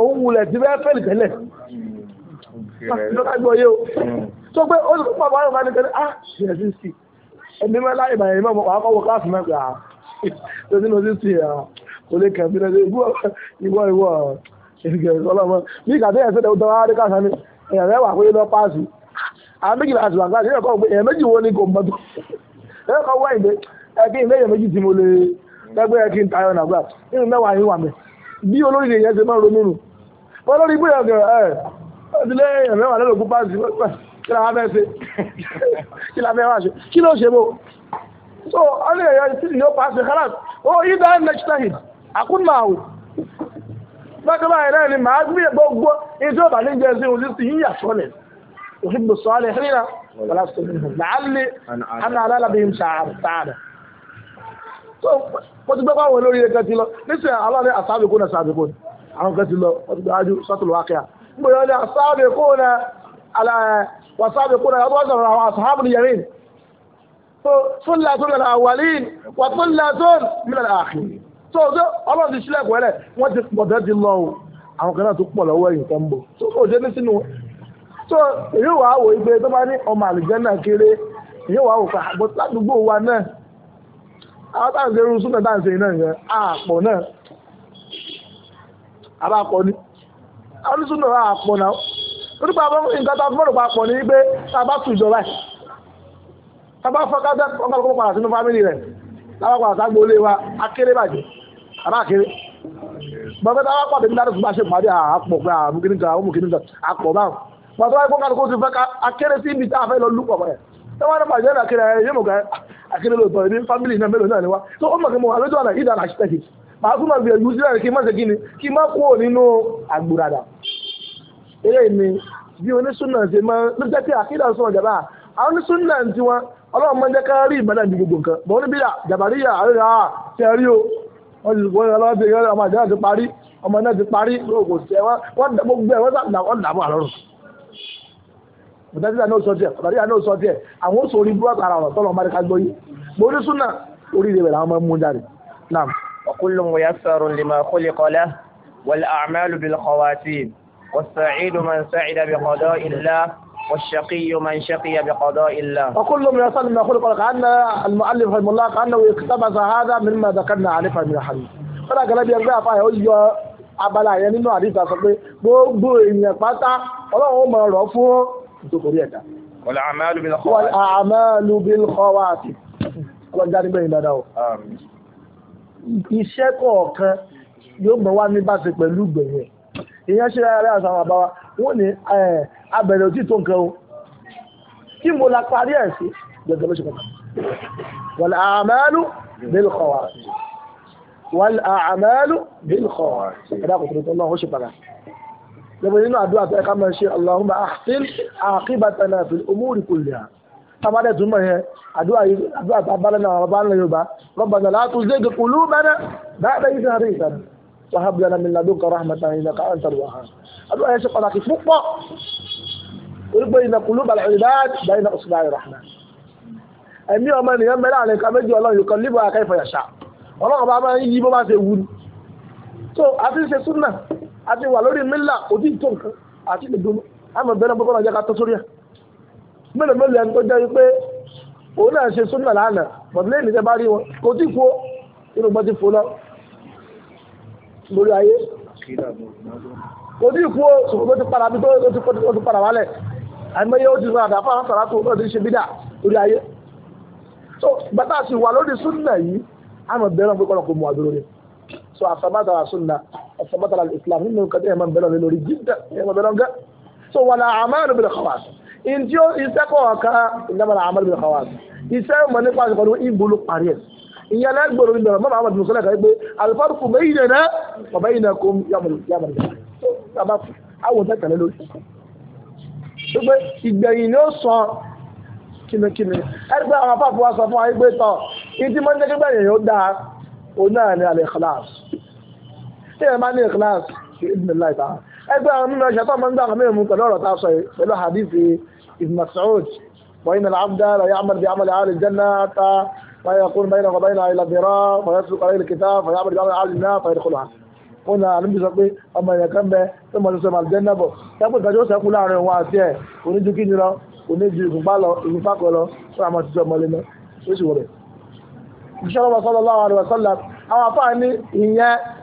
òun wulẹ̀ ti fẹ́ fẹ́lì tẹ́lẹ̀ lọ́ka ah, gbọ́ yé o tó pé ó ti pàpà àwọn kan tẹ́lẹ̀ ah ṣẹlẹ̀ sí sí ẹni mẹ́ láì bàyẹ̀ mọ́ wàá kọ́ wọ káàsì mẹ́ pé ah tó ti lọ sí sí ah kò lè kàn mí lọ sí ìwọ ìwọ ìgbẹ̀rẹ̀ sọlọ́mọ bí ìgbà tó yẹ àwọn méjì láti wà kíláàsì ẹ̀kọ́ pé èèyàn méjì wo ni kò mọ́tò ẹ̀kọ́ wá ìdè ẹ̀kí ìdè èèyàn méjì tí mo lè lẹ́gbẹ́ ẹ̀kí ń tayọ nàgbà nínú mẹ́wàá yín wà mẹ́ bí olórí èèyàn ṣe máa ronú nù olórí bóyá ọ̀gẹ̀ ẹ̀ ọdílé èèyàn mẹ́wàá lẹ́lọ́gún páàsì kí la fẹ́ ṣe kí la fẹ́ wá ṣe kí ló ṣe bó so ọlẹ́ èèyàn títí ni ó pàṣẹ kálá ó yí dá next time àkúnnà àwò bákan báyìí náà ni màá gbé gbogbo ìjọba ní jẹ́ sí òun sí yíyà sọ́lẹ̀ أحب الصالحين ولست منهم لعلي أن أنال بهم سعادة wọ́n ti gbé fáwọn olórí rẹ̀ kan ti lọ nísìnyí aláàlẹ́ àsáàbẹ̀kó náà sàbẹ̀kó ni àwọn kan ti lọ wọ́n ti gbájú sọ́tùlù wákẹ́à gbòòrò ní àsáàbẹ̀kó náà wàsáàbẹ̀kó náà ọdún ọ̀sán àwọn àsáàbù ní yẹrin tó súnlẹ̀tún lọ́nà àwàlín wà súnlẹ̀tún mílẹ̀ àkì tó tó ọlọ́run ti sílẹ̀kùn ẹlẹ̀ wọ́n ti pọ̀ so yóò wá wò ibi tó bá ní ọmọ àlùjànnà kéré yóò wá wò pa ah, àbọ̀ ládùúgbò wa náà àwọn táwọn ṣe irú súnà táwọn ṣe iná yẹn àpọ̀ náà àbápọ̀ ni àwọn oníṣúná àpọ̀ náà onípa àwọn nǹkan tó fọ́nà papọ̀ ní pé tá a bá tù ìjọba ẹ̀ tá a bá fọ́ kájá ọgbàlọ́kọ́ padà sínú fámìlì rẹ̀ láwọn padà ságbó ilé wa akéré bàjẹ́ àbákéré bọ́gbẹ́ta wá pàdé nígbà tó fún bá ṣe pàdé àpọ̀ pé àmúkíníkan ah, àmúkíníkan àpọ̀ báwọn pàtó wáyé kókàlù kó ti fẹ́ ká akéré sí ibi tá a fẹ́ lọ lúpọ̀ báyẹn tó wá nípa ìjọba akéré ẹ yóò mọ̀ ká akéré lóòótọ́ ẹbí fámìlì náà mélòó náà ni wá tó ó mọ̀ kí mo wà lójú ọ̀nà ìdá àṣìṣẹ́kì màá tún máa gbìyànjú sílẹ̀ kí n má ṣe kí ni kí n má kúrò nínú àgbòràdà eré mi bí onísúnà ṣe máa ló jẹ́ pé àkídà sọ̀rọ̀ jàmbá àwọn onísúnà ti wọn ọlọ́run máa ń jẹ́ ká rí ìmọ̀lẹ́ ní gbogbo nǹkan bọ̀ níbí jàbáríyà àríyá ah, ṣe rí o wọ́n ti wọ́n lọ́wọ́ ti rí ọmọ àjẹ́ náà ti parí ọmọ náà ti parí lóògùn ṣẹ́ wọ́n gbogbo ẹ̀ wọ́n dàbọ̀ àlọ́run mọ̀tẹ́sílẹ̀ náà sọ tiẹ̀ ọ̀dàdíyà náà sọ tiẹ̀ àwọn oṣù orí búrọ́dì ara ọ̀rọ̀ tọ́lọ̀ máa ká gbọ́ yìí mo ní súnà oríire rẹ̀ àwọn máa ń mú jáde. naam. وكل ميسر لما خلق له والأعمال بالخواتيم والسعيد من سعد بقضاء الله والشقي من شقي بقضاء الله وكل ميسر لما خلق له كأن المؤلف رحمه الله كأنه اقتبس هذا مما ذكرنا عليه من الحديث فلا قال بي أرجع فاي هو abala yẹn nínú àdìsá sọ pé gbogbo èèyàn pátá ọlọ́run ó mọ̀ ọ̀rọ̀ fún nítorí ẹ̀dá. wal a'malu bil khawatim. wal a'malu bil khawatim. wọ́n já nígbẹ̀yìn dáadáa o. iṣẹ́ kọ̀ọ̀kan yóò mọ̀ wá ní báṣe pẹ̀lú gbẹ̀yìn ìyẹn ṣe rárá àṣà àwọn àbáwá wọ́n ní abẹ̀rẹ̀ òtí tó nǹkan o kí mo la parí ẹ̀ sí gbẹ̀gbẹ̀ ló ṣe pàtàkì. wal a'malu bil lẹ́gbẹ̀ẹ́ nínú àdúrà tó ẹ̀ka máa ṣe Allahumma ahsin aqibatana fil umuri kulliha tabadẹ tuma yẹn àdúrà yìí àdúrà tá a bá lẹ́nu àwọn abáńlẹ̀ yorùbá Rabbana la tuzigh qulubana ba'da idh hadaytana wa hab lana min ladunka rahmatan innaka antal wahhab àdúrà yẹn ṣe pàtàkì púpọ̀ orúkọ inna qulubal ibad bayna isba'i rahman ẹ̀mí yìí kan líbọ̀ akẹ́fọ̀yàṣà ọlọ́run bá máa ń yí àti wà lórí mílà òdì tó nǹkan àti ìdùnnú àmọ̀ bẹ́ẹ̀ náà gbọ́dọ̀ ọjà ká tó sórí ẹ̀ mélòó mélòó ẹni tó jẹ́ pé òun náà ṣe súnmọ̀ lánàá bọ̀dé lẹ́yìn nígbà bá rí wọn kò tí fo inú gbọ́ ti fo lọ lórí ayé kò tí fo ṣùgbọ́n ti para bí tó ti para wálẹ̀ àìmọye ó ti sọ àdá fáwọn sàrà tó ó ti ṣe bídà lórí ayé so bàtà sì wà lórí súnmọ̀ yìí àmọ̀ bẹ́ẹ̀ náà gbọ́dọ̀ kò mú àdúró rẹ̀ so àfàmásàrà súnmọ̀ ẹ̀sẹ̀bọ́tà láti islam nínú nǹkan tí ẹ̀ máa ń bẹ̀rẹ̀ lórí jíjà ẹ̀ máa bẹ̀rẹ̀ gan. so wàlà àmàlù bìlẹ̀ kọ́wàs ntí ó iṣẹ́ kọ̀ọ̀kan ìdámàlà àmàlù bìlẹ̀ kọ́wàs iṣẹ́ mọ̀ nípa àṣekọ̀ ní ìbúlù parí ẹ̀ ìyẹn lẹ́gbẹ̀rún ní bẹ̀rẹ̀ mọ́mọ́ àwọn mùsùlùmí kan pé alifarikù bẹ́yìn nà ọ̀bẹ́yìn nà kò yàmùrù yàmùrù àwọn tẹ̀ tẹ̀lé lórí. gbogbo ìgbẹ̀yìn ni ó sọ kínníkínní ẹni pé àwọn afáàfọ́ wa sọ fún wa pé tọ̀ ìdí mọ́ńdẹ́gbẹ̀yìn yóò dáa òun náà ní al-ikhlas tí ẹ bá ní ìkíláàsì ṣe ìdílé láì tàá ẹgbẹ́ àwọn mímọ ṣe tó máa ń gbà kàmí ìmú pẹ̀lú ọ̀rọ̀ tá a sọ yìí pẹ̀lú hadith ibn Mas'ud wọ́n iná abdá la ya'mal bí amẹ́lẹ̀ àlè jẹ́nà ta wọ́n yà kún bẹ́yìn ọ̀gbẹ́yìn àlè labirá wọ́n yà sùn kọ́lẹ́ ilé kìtá wọ́n yà amẹ́lẹ̀ àmẹ́lẹ̀ àlè náà fẹ́ẹ́ kọlọ́ wọn náà àlùmí sọ pé ọmọ èèyàn kan bẹ tó mọ sọsọ màlúù jẹnà bọ sẹpẹ ìtọ́jú ó láàrin òun àti ẹ kò ju kí ni lọ kò ju ìgúnpá lọ ìgúnpá kọ lọ fún àwọn àtijọ́ ọmọlé náà ó sì wọlé. ìṣẹ́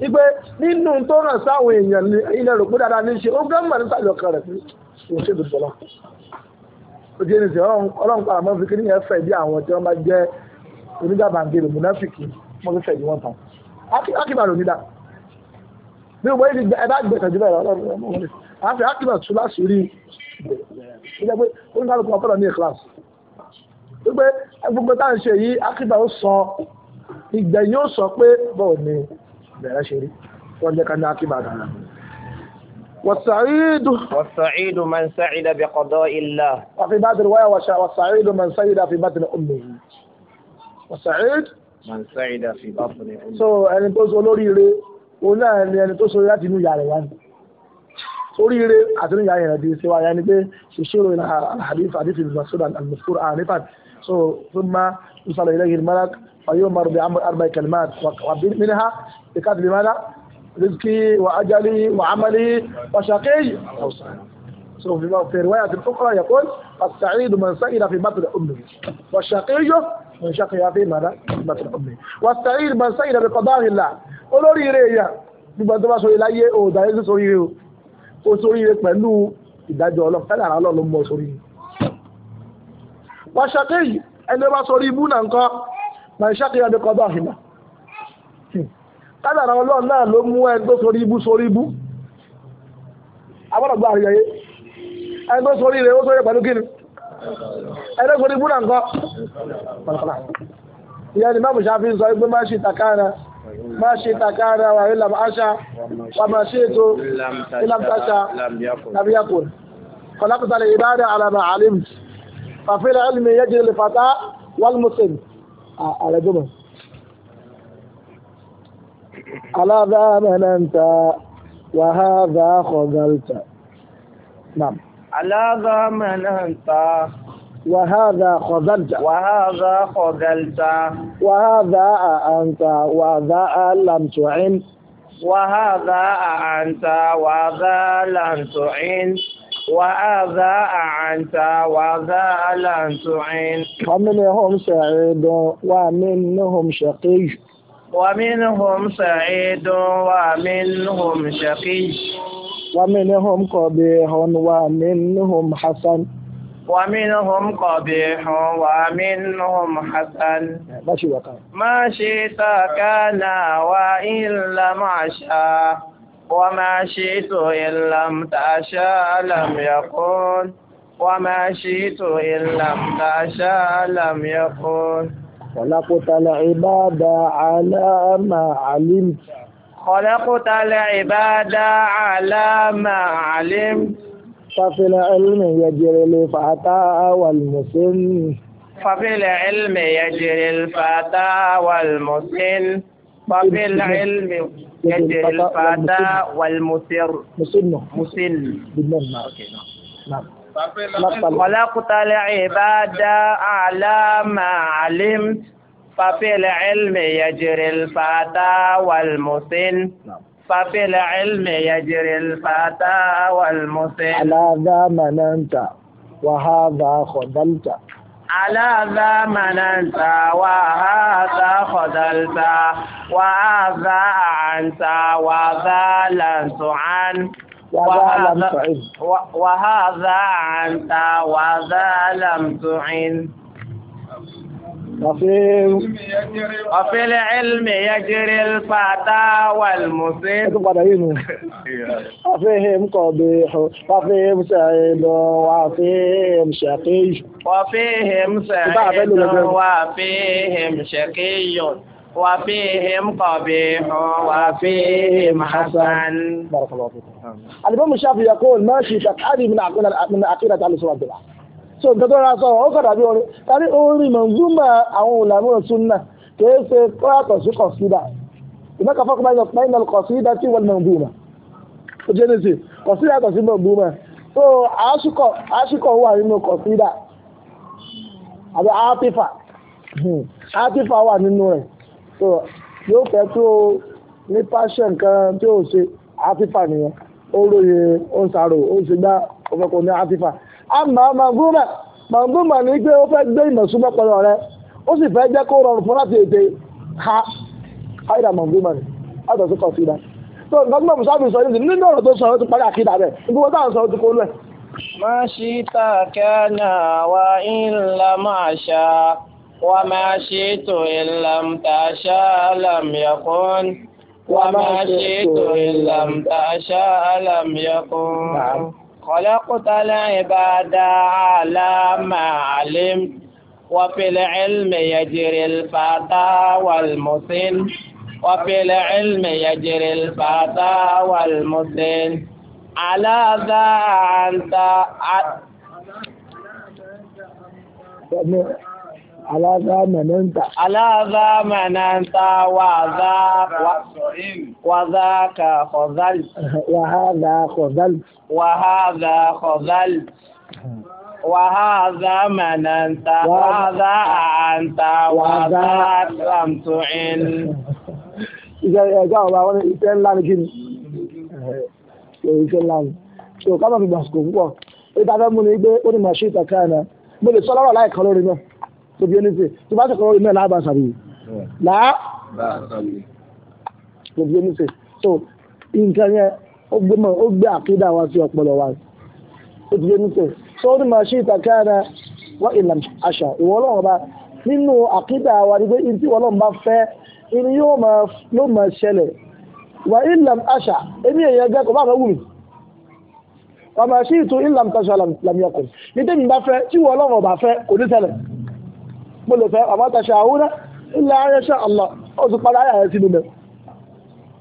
ipe nínú tó ràn sáwọn èèyàn ilẹ̀ rò pé dáadáa ní ṣe ó gbọ́dọ̀ mọ̀ nípa ìlọ́kàn rẹ̀ pé kò ṣe tó tọ́lá ó jẹ́ nìṣẹ́ ọlọ́run padà mọ́ fi kí nìyẹn fẹ̀ bí àwọn tí wọ́n bá jẹ́ onígbàbàǹgẹ̀rẹ̀ mùnáfìkì wọ́n fi fẹ̀ bí wọ́n tán ákìbà ló ní dá bí wọ́n yìí ẹ bá gbẹ̀sẹ̀ jù bẹ́ẹ̀ lọ́wọ́ àfi ákìbà tún bá sórí ìgbẹ́ pé oníkàlùkù ọpọlọ ní ìkíláàsì wípé gbogbo táà ń ṣe yìí ákìbà ó sọ ìgbẹ̀yìn ó sọ pé bọ́ọ̀ ni bẹ̀rẹ̀ ṣe rí wọ́n jẹ́ ká ní akíbà dára. والسعيد والسعيد من سعد بقضاء الله وفي بعض الرواية والسعيد من سعد في بطن أمه والسعيد من سعد في بطن أمه so ẹni tó so lóríire òun náà ni ẹni tó so láti inú ìyá rẹ̀ wá ní oríire àti inú ìyá rẹ̀ di ṣe wáyé ẹni pé ṣiṣẹ́rò àdìfẹ́ àdìfẹ́ ìlúwàsódà àlùfóòrò àárín pàtó so ثم يصل إليه الملك فيؤمر بأمر أربع كلمات ومنها بقدر ماذا؟ رزقي وأجلي وعملي وشقي أو سعيد في رواية أخرى يقول السعيد من سعيد في بطن أمه والشقي من شقي في ماذا؟ بطن أمه والسعيد من سعيد بقضاء الله olórí ire yẹn nígbà tó bá sọ iláyé o ìdájọ́ sí sórí ire o ó sórí ire pẹ̀lú ìdájọ́ ọlọ́run fẹ́lẹ̀ ara ọlọ́run ló mọ sórí ire. wọ́n ṣàkéyì ẹni bá sọ orí ibú náà ń kọ́ màá ṣàkéyì ọdún kọ́ bá ọ̀hìnà kádàrà ọlọ́run náà ló mú ẹni tó sorí ibú sorí ibú agbọ́dọ̀ gbọ́ àríyàyé ẹni tó sorí rẹ̀ ó sórí pẹ̀lú kíni ẹni tó sorí ibú náà nǹkan pàlàpàlà ìyá ni máàmù ṣáfi ń sọ pé má ṣe takara má ṣe takara wà ní làm àṣà wà má ṣe ètò ìlàm tàṣà nàbíyàkù kọlákùtà lè ìbáda àlàmà àlìm fàfihàn ilmi yẹjẹ lè fàtà wàlmùsìn àrẹjọmọ. على ذا من أنت وهذا خذلت نعم على ذا من أنت وهذا خذلت وهذا خذلت وهذا أنت وذا لم تعن وهذا أنت وذا لم تعن وهذا أنت وذا لم تعن ومنهم سعيد ومنهم شقي ومنهم سعيد ومنهم شقي ومنهم قبيح ومنهم حسن ومنهم قبيح ومنهم حسن ماشي وكان ما شئت كان وإن لم عشاء وما شئت إن لم تشاء لم يكن وما شئت إن لم تشاء لم يكن خلقت العباد على ما علمت خلقت العباد على ما علمت ففي العلم يجري الفتى والمسن ففي العلم يجري الفتى والمسن ففي العلم يجري الفتى والمسر مسن مسن بالنسبة نعم خلقت العباد على ما علمت ففي العلم يجري الفتى والمسن ففي العلم يجري الفتى والمسن على ذا مننت وهذا خذلت على ذا مننت وهذا خذلت وهذا عنت وذا لنت عن وهذا أنت وذا لم تعن وفي وفي العلم يجري الفتى والمصيب وفيهم قبيح وفيهم سعيد وفيهم شقي وفيهم سعيد وفيهم شقي وفيهم قبيح وفيهم حسن بارك الله فيك الإمام الشافعي يقول ما تقعدي من عقيدة من عقيدة أهل السنة والجماعة so nǹkan tó ra sọ ọ kọ̀dà bí orin tàbí orin mọ̀nzúmọ̀ àwọn olùlànà sunna kìí ṣe kọ́yàtọ̀ sí kọ̀sídà ìmọ̀kà fọ́kùnmá yọ pẹ́yìn kọ̀sídà tí wọ́n mọ̀nzúmọ̀ ó jẹ́ nìsí kọ̀sídà so wà nínú kọ̀sídà àbí hmm. wà nínú rẹ̀ so yóò fẹ́ tó o ní pàṣẹ nǹkan tí o ṣe àtìfà nìyẹn ó lóye ó ń sàrò ó ń ṣe gbá ó fẹ́ kó ní àtìfà àmọ́ màgúmà màgúmà ní pé ó fẹ́ gbé ìmọ̀ pẹ̀lú ọ̀rẹ́ ó sì fẹ́ jẹ́ kó rọrùn fún láti ètè ha àyíra màgúmà ni àtọ̀ tó kọ̀ sí ìdá so gbọ́dọ̀ mùsàbí sọ yìí nínú ọ̀rọ̀ tó sọ ó ti parí àkídà rẹ̀ gbogbo táwọn sọ ó وما شئت إن لم تشاء لم يكن وما شئت إن لم تشاء لم يكن خلقت العباد على ما علم وفي العلم يجري الفتى والمسن وفي العلم يجري الفتى والمسن على ذا أنت aláàbá mẹ̀nẹ́ǹta. aláàbá mẹ̀nẹ́ǹta wàdá wàdá ka kọ̀dálì. wàhádà kọ̀dálì. wàhádà kọ̀dálì. وهذا مننت وهذا أنت وهذا أكرمت عن ìjọ ọba wọn iṣẹ́ ńlá ni kí ni iṣẹ́ ńlá ni so ká bá fi gbàsùkò púpọ̀ ìdájọ́ mú ni gbé ó ní màṣí ìtàkà náà mo lè sọ lọ́rọ̀ láìka lórí náà kò bí oníṣe tó bá sọ̀kọ̀ ìmọ̀ làá bá sàbí làá kò bí oníṣe so nǹkan yẹn ó gbé mọ ó gbé àkídà wa sí ọpọlọ wa ó ti bí oníṣe so ó ní màá ṣe ìtàkà rẹ wọ́n ìlànà àṣà ìwọ ọlọ́run ọba nínú àkídà wa ni pé ìtí ìwọ ọlọ́run bá fẹ́ ìní yóò máa ṣẹlẹ̀ wà ìlàm àṣà èmi èèyàn jẹ́ kò bá mọ̀ wù mí ọmọ ẹ̀ṣin ìtú ìlàm tàṣà làmìyàkùn ní tèmi bá fẹ́ tí ìwọ ọlọ́run ọba fẹ́ kò ní ṣẹlẹ̀ mo lè fẹ́ àmọ́ tàṣà àwúrẹ́ ilẹ̀ ayé ṣe àlọ́ ó sì padà ayé sínú mẹ́.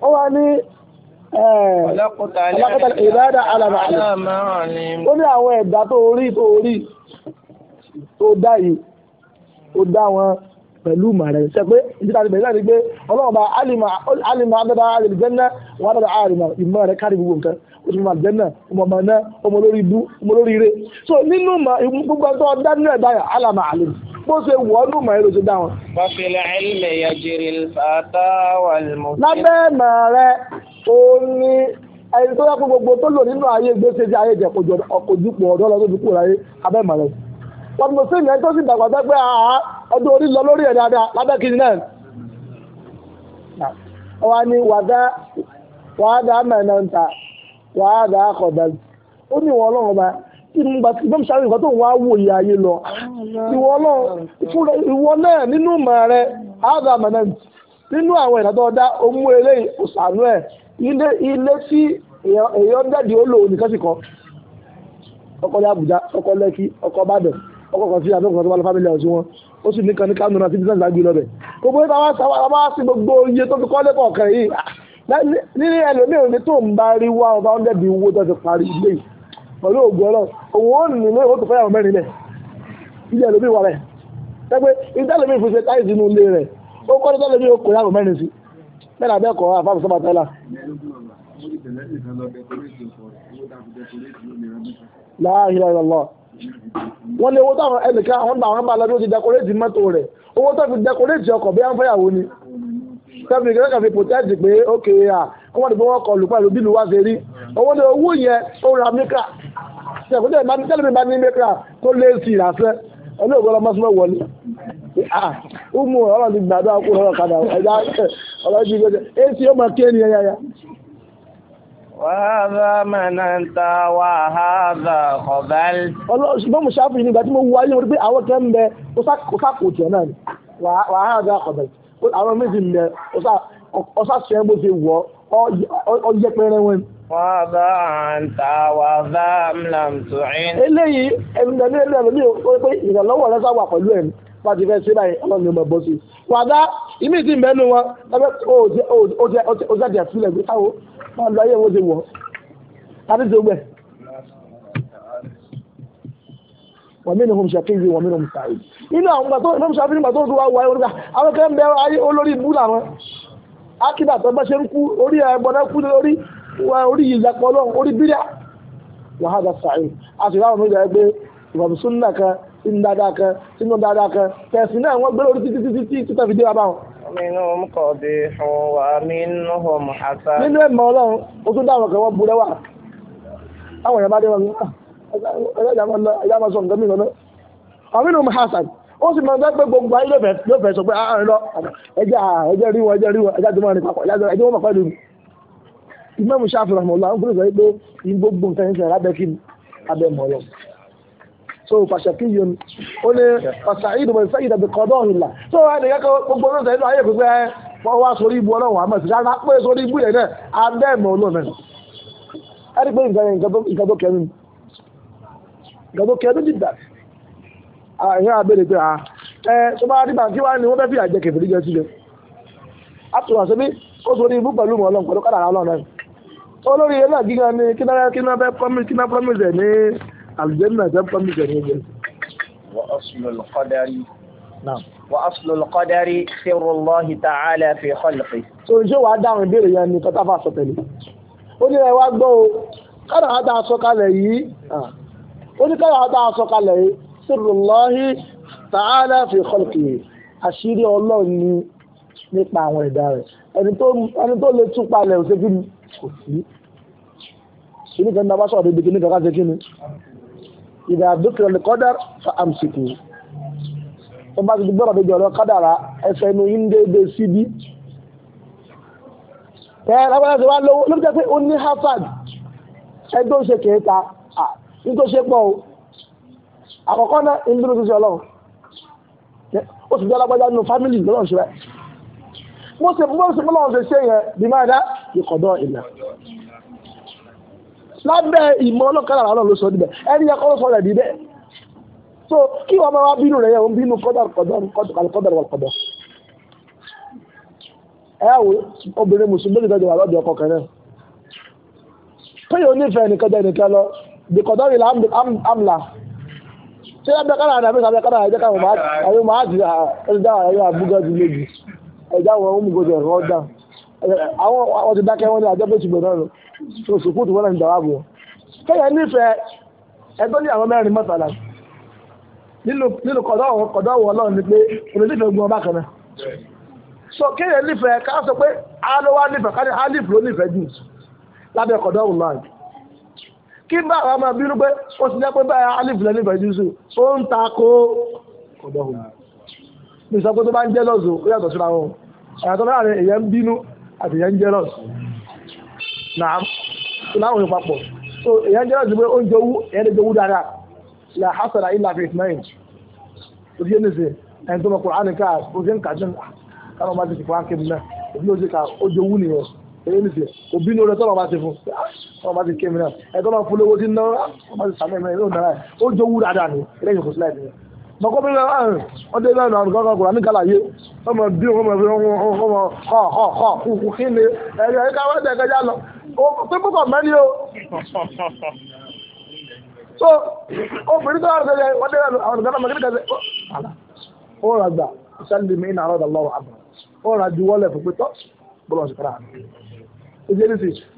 ó wá ní alákọ̀tà ìbáradà alàmà àlè ó ní àwọn ẹ̀dá tó rí tó rí tó dá yìí ó dá wọn pẹ̀lú màrẹ̀ ṣe pé ìdí tàbí bẹ̀rẹ̀ ni pé ọlọ́run bá alìmọ̀ adada alìjẹ́nà wà dada alìmọ̀ ìmọ̀ so nínú gbogbo ẹ̀tọ́ dá nínú ẹ̀dá yà alàmà àlè bó ewu wọ̀ ọ́ lùmọ̀ ẹ̀ ló fàtà wà o ẹni tó gbogbo tó lò nínú ayé gbèsè sí ayé jẹ kòjúpọ̀ ọ̀dọ́ lọ lójú kúrò láyé abẹ́ ìmọ̀ rẹ. wọ́n sí ìyẹn tó sì dàgbà pé ọdún orí lọ lórí dáadáa lábẹ́ náà. á ní akọ̀dà ó ní tí mo tí bọ́m sáré nǹkan tó ń wá wò yí ayé lọ ìwọ náà ìwọ náà nínú ìmọ̀ rẹ áàbà mẹ́nẹ́ǹtì nínú àwọn ìdá tó dá eléyìí òsànú ẹ̀ ilé ilé tí èèyàn jáde ó lò ó nìkan sì kọ́ ọkọ̀ ní Àbújá ọkọ̀ Lẹ́kì ọkọ̀ Ìbàdàn ọkọ̀ kan sí àbẹ́kọ̀ọ́ tó wà lọ fámìlì ọ̀sùn wọn ó sì ní kan ní àti bísí àgbè lọ bẹ̀ gbogbo ìta ah, ẹlòmíràn ní tó ń bá rí wá ọba ọ̀ndẹ̀bí owó tó ti parí ilé yìí pẹ̀lú ògùn ọlọ́run òun ó nì lóyún ó tó mẹ́rin lẹ̀ ilé ẹlòmí wà rẹ̀ tẹ́gbẹ́ ìdálẹ́mí fi ṣe táyì sínú ilé rẹ̀ ó kọ́ ìdálẹ́mí ó kò mẹ́rin sí mẹ́rin abẹ́kọ̀ọ́ àfáàmù sábà tẹ́lá. láàhìlá ìrọ̀lọ́ wọ́n lé owó táwọn ẹnìkan àwọn bá àwọn bá lọ́dún ti dẹkọrétì mọ́tò rẹ̀ owó tó fi dẹkọrétì ọkọ̀ bí wọ́n fẹ́yàwó ni tẹ́fì kẹ́kẹ́ fi pòtẹ́ẹ̀tì pé ókè à wọ́n ti fi wọ́n kọlù pẹ̀lú bílù wá ṣe rí owó lé owó yẹn ó ra mí ṣẹ̀kúndé tẹ́lẹ̀mí n'ime ní mẹ́kà tó lé sí ìràṣẹ́ olóògbé ọmọsúnmọ́ wọlé ah, umu ọ̀rọ̀ ti gbàdúrà kó lọ́rọ̀ kadà ẹ̀dá ọ̀rọ̀ ti ọrụ èsì ọmọ kéènì ẹ̀yà ya. wàhálà mẹ́nà ń ta wàhálà ọ̀bẹ́lì. ṣùgbọ́n mo nígbà tí mo wú ayé wọn pé ń bẹ náà ni wàhálà ọ̀bẹ́lì àwọn méjì ń bẹ ọ̀sà Fọ́dọ̀ àǹtà wà dám làm tùín. Eléyìí ẹni tẹ̀lé ẹni tẹ̀lé mi ò pé ìrànlọ́wọ́ rẹ sáwà pẹ̀lú ẹ̀ bá ti fẹ́ ṣe báyìí ọlọ́run yóò máa bọ́ sí i. Wàdá ìmí ti ń bẹ́nu wọn ẹgbẹ́ ó jẹ́ àdìyà sílẹ̀ pé káwọ́ máa lọ mi ni mo ṣe kéwì wọ́n mi ni mo ṣe àyè. Inú àwọn gbàtọ́ ìmọ̀ ṣàfihàn nígbà tó ń wá wáyé oníkà àwọn kẹ́ ń bẹ ayé olórí ibú làwọn. Akíndà tó bá ṣe ń kú orí ẹ̀bọ̀n orí ìyàpọ̀ ọlọ́run orí bídà wàhálà sàáyé a sì ráwọn méjì ẹgbẹ́ ìmọ̀mù súnà kan sínú dáadáa kan sínú dáadáa kan tẹ̀sí náà wọ́n gbé lórí títí títí tí títà fi dé wa báwọn. minhum qadihun wa minhum hasan. nínú ẹ̀mọ́ ọlọ́run ó tún dáwọn kan wọ́n burẹ́ wà táwọn èèyàn dé wọn ah, ẹ̀yà máa sọ nǹkan mi lọ́nà. ó sì máa ń gbẹ́ gbogbo ayé ló fẹ́ sọ pé ah, ẹjẹ́ rí ẹjẹ́ rí wọn ẹjẹ́ tó máa papọ̀ ẹjẹ́ wọn mọ̀ pẹ́lú mi. ìgbọ́n mi ṣáàfin ọmọ ọlọ́run fún ìgbà pé ní gbogbo nǹkan ní sẹ́yìn lábẹ́ kí ni abẹ́ mọ̀ lọ. so pàṣẹ kí yun ó ní pàṣẹ ìdùnnú ìfẹ́ ìdàbí kọ́dọ̀ ìlà tó wà ní kẹ́kọ̀ọ́ gbogbo ní sẹ́yìn ayé pípẹ́ wọ́n wá sórí ibu àmọ́ ìṣẹ́ ibu yẹn náà abẹ́ mọ̀ ọlọ́run ẹni pé nǹkan tó kẹnu nǹkan tó kẹnu dìgbà àyàn abẹ́rẹ́ pé ẹ tó bá rí bàǹkì wá ni wọ́n fẹ́ fi ó ibu olórí ilé náà gíga ni kí náà kí náà fẹ́ promise kí náà promise ẹ̀ ní aljanna fẹ́ promise ẹ̀ ní ibẹ̀. wa aslul qadari. wa aslul qadari sirrullahi ta'ala fi khalqi. so ṣé wàá dáhùn ìbéèrè yẹn ni kọ́tà fà sọ tẹ̀lé ó ní ẹ wá gbọ́ o kára á dá aṣọ kalẹ̀ yìí ó ní kára á dá aṣọ kalẹ̀ yìí sirrullahi ta'ala fi khalqi àṣírí ọlọ́run nípa àwọn ẹ̀dá rẹ̀ ẹni tó lè tún palẹ̀ òṣèlú kò sí kìíní kan náà bá sọ̀rọ̀ ibi kìíní kan ká ṣe kí ni ìdá àdókè ọ̀lẹ̀ kọ́dà fa àmsìkì tó bá ti gbọ́dọ̀ débi ọ̀rọ̀ kádàrà ẹsẹ̀ inú yín déédé síbí ẹ lábẹ́rẹ́ ti wá lówó ló fi jẹ́ pé ó ní harvard ẹgbẹ́ òṣè kẹta nítorí ṣe pọ̀ o àkọ́kọ́ náà ń dúró sí ọlọ́run ó sì jẹ́ alágbájá nínú fámìlì lọ́rùn ṣe rẹ̀ mo sì mọ́ sí mọ́ lọ́rùn ṣe ṣe yẹn bí máa dá ìkọ̀dọ̀ ìlà. lábẹ́ ìmọ̀ ọlọ́kadà àlọ́ ló sọ níbẹ̀ ẹni yẹ kọ́ sọ níbẹ̀. so kí wọ́n máa wá bínú rẹ̀ yẹn òun bínú kọ́dà kọ́dà kọ́dà kọ́dà. ẹ á wo obìnrin mùsùlùmí tó jọba lọ́dọ̀ ọkọ kẹrẹ́. péye onífẹ̀ẹ́ nìkan jẹ́ nìkan lọ ìkọ̀dọ̀ ìlà amla ṣé ẹgbẹ́ kára àná àbíkà kára ẹjẹ́ kára àwọn àwọn àwọn ti dákẹ́ wọn ní sùkúù wọ́n náà ń nífẹ̀ẹ́ ẹgbẹ́ ní àwọn mẹ́rin mọ́tàlá nínú ni pé òun so kẹ́yà nífẹ̀ẹ́ ká sọ pé alówá nífẹ̀ẹ́ ká ní alif nífẹ̀ẹ́ jù lábẹ́ kọ̀dọ̀ náà kí bá àwọn máa bínú pé ó ti jẹ́ pé báyà alif nífẹ̀ẹ́ jù sí ó ń ta kó mi sọ àti ìyẹn jealous náà láwọn yóò papọ̀ so ìyẹn jealous ni pé ó ń jowú ìyẹn lè jowú dáadáa la hasara illa fi ismail o ti yé nìsí ẹni tó mọ Qur'an ká o ti ń kà jẹun káwọn máa ti ti Qur'an kémi náà òbí ló ti ka ó jowú nìyẹn o yé nìsí òbí ló rẹ tọ́lọ̀ bá ti fún tọ́lọ̀ bá ti kémi náà ẹ̀ tọ́lọ̀ fún lówó ti ń náwó ó máa ti sàmì ẹ̀mẹ́ ó náà ó jowú dáadáa ni ẹlẹ́yìn kò sí láì mọ̀kọ́bí ah, ọdẹ náà nà kọ́kọ́ kùrà ní kàlàyé ọmọ bí wọn mọ̀ bí wọn ọmọ ọ̀họ̀họ̀ kúkú kí ni ẹ̀yẹ ká wọ́n tẹ̀ kẹjá lọ pé púpọ̀ mẹ́ni o. so obìnrin tó wà lọ́sẹ̀ yẹn ọdẹ náà àwọn ọ̀gá náà mọ̀kí kẹsẹ̀ ó rà gbà sẹ́ndì mi náà rọ̀dà lọ́wọ́ àbọ̀ ó rà ju wọ́lẹ̀ fún pé tọ́ bọ́lọ̀ sí kàrà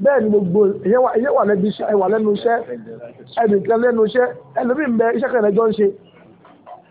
bẹ́ẹ̀ ni gbogbo ìyẹn wà lẹ́nu iṣẹ́ ẹnìkan lẹ́nu iṣẹ́ ẹlòmíì ń bẹ iṣẹ́ kan ẹ̀jọ́ ń ṣe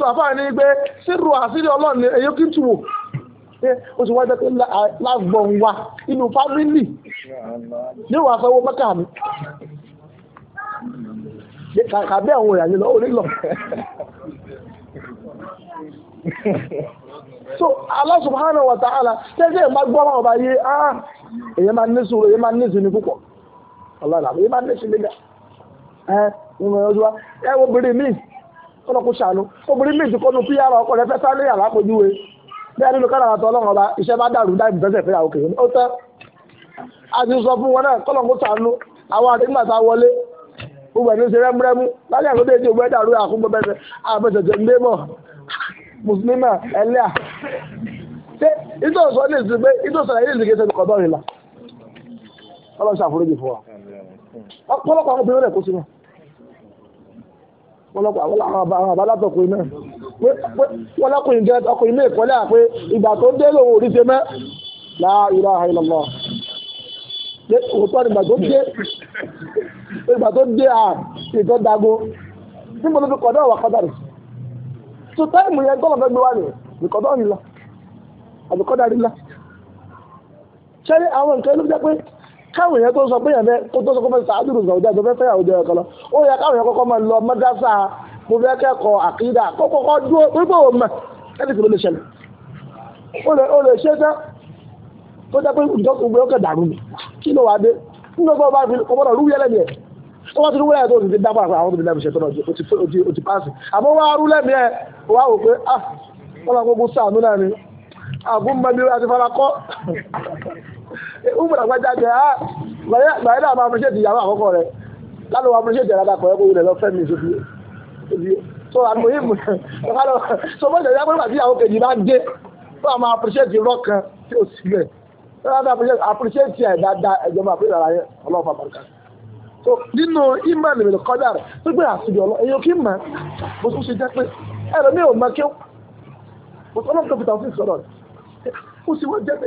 so àfáà ní pé sírù àṣírí ọlọ́run èyí kí n tù wò ó sì wá jẹ́ pé lágbọ̀n wa inú fámìlì ní wàá sanwó mẹ́kà mi kàbí àwọn ìyàyè lọ onílọ. so Allah subhanahu wa ta'ala tẹ́tẹ́ ìgbà gbọ́ ọba yé ah èyí máa ní sùúrù èyí máa ní sùúrù púpọ̀ ọlọ́run èyí máa ní sùúrù nígbà ẹ ń ẹ bèrè míì. ọlọ́kùn ṣàánú obìnrin méjì kọ́nu pí yàrá ọkọ rẹ fẹ́ sáré yàrá àpòjúwe bẹ́ẹ̀ nínú kára àtọ́ ọlọ́run ọba iṣẹ́ bá dàrú dáì bùtẹ́sẹ̀ fẹ́ àwòkè ó tẹ́ a ti sọ fún wọn náà kọ́lọ́kùn ṣàánú àwọn àdégbà tá a wọlé gbogbo ẹni ṣe rẹ́múrẹ́mú lálẹ́ àkókò èdè ògbẹ́ dàrú àkókò bẹ́ẹ̀ àbẹ̀tẹ̀tẹ̀ ń dé mọ̀ mùsùlùmí ẹlẹ́à ṣé ìtòsọ ní ìsìn ìtòsọ ní ìsìn kì í ṣe kọ̀dọ̀ fún wa ọ̀pọ̀lọpọ̀ àwọn obìnrin rẹ̀ kó sínú wọ́n lọ́pàá wọ́n làwọn àbá àwọn àbá látọkùnrin náà pé wọ́n lọ́kùnrin jẹ́ ọkùnrin ní ìkọ́lé àpé ìgbà tó dé lòun òrí ṣe mẹ́ la ilaha illallah pé òótọ́ ìgbà tó dé ìgbà tó dé à ìtọ́ dago níbo ló fi kọ̀dọ̀ wà kọ́dà rẹ̀ tó táìmù yẹn gbọ́dọ̀ fẹ́ gbé wá nìyẹn ìkọ̀dọ̀ rẹ̀ la àbíkọ́dà ṣé àwọn nǹkan ló jẹ́ pé káwọn èèyàn tó sọ pé yẹn fẹ́ tó sọ pé sàádùrù zàwùjá tó fẹ́ fẹ́ yàwó jẹyọ kan lọ ó yẹ káwọn èèyàn kọ́kọ́ máa lọ mọ́dásà mo fẹ́ kẹ́kọ̀ọ́ àkídà kọ́kọ́ dúró wípé òun mọ̀ ẹni tí mo lè ṣẹlẹ̀ ó lè ṣe tán tó jẹ́ pé nǹkan gbogbo ọkọ̀ dàrú mi kí ló wà dé nínú ọgbọ́n bá fi ọmọdé rú yẹlẹ̀ yẹn tó wọ́n ti rú tó ti dá fún àwọn obìnrin lẹ́mìí ṣètọ́nà ó ti pàṣẹ àmọ́ wọ́n á rú wá wò pé ah wọ́n lọ gbogbo sàánú náà ni àbúmọ́ni àti farakọ́ umar agbájá jẹ ah gbàyẹ náà máa appreciate ìyàwó àkọ́kọ́ rẹ lálọ́ appreciate ìyàwó àkọ́kọ́ kó wulẹ̀ lọ fẹ́ mi sóbi sóbi so àmọ́ yìí mú ọ̀kadà so mo jẹ̀ ìyàwó àti ìyàwó kejì bá dé tó a máa appreciate irọ́ kan tí ó sì lẹ̀ tó a máa appreciate ẹ̀ dáadáa ẹ̀jọ̀ máa appreciate ara yẹn ọlọ́ọ̀fà bàrúkà so nínú iman mi kọjá rẹ tó gbé àṣìbí ọlọ èyí ò kí mọ bó tún ṣe jẹ pé ẹ̀rọ mi ò mọ kí ó bó tún ọlọ́pàá tó fi tàwọn sí sọ̀rọ̀ ó sì wọ́n jẹ́ pé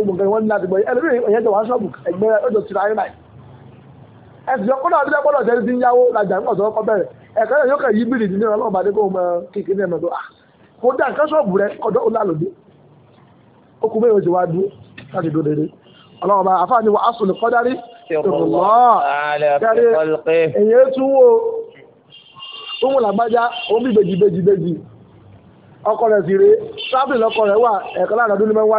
gbogbo nǹkan nwanne ní láti gbọ́ ẹlòmíì èyàn jọ wá ṣọ́ọ̀bù ẹgbẹ́ anyị tìrà ayé náà ẹsùn ọkọ náà bíjọ́ gbọ́dọ̀ tẹ́lẹ̀ sí ń yáwó ọkọ bẹ̀rẹ̀ ẹ̀ka yóò kàn yí bìrì nínú ọlọ́run bá dé kó mọ kékeré ní ẹ̀mọ́tò ah wa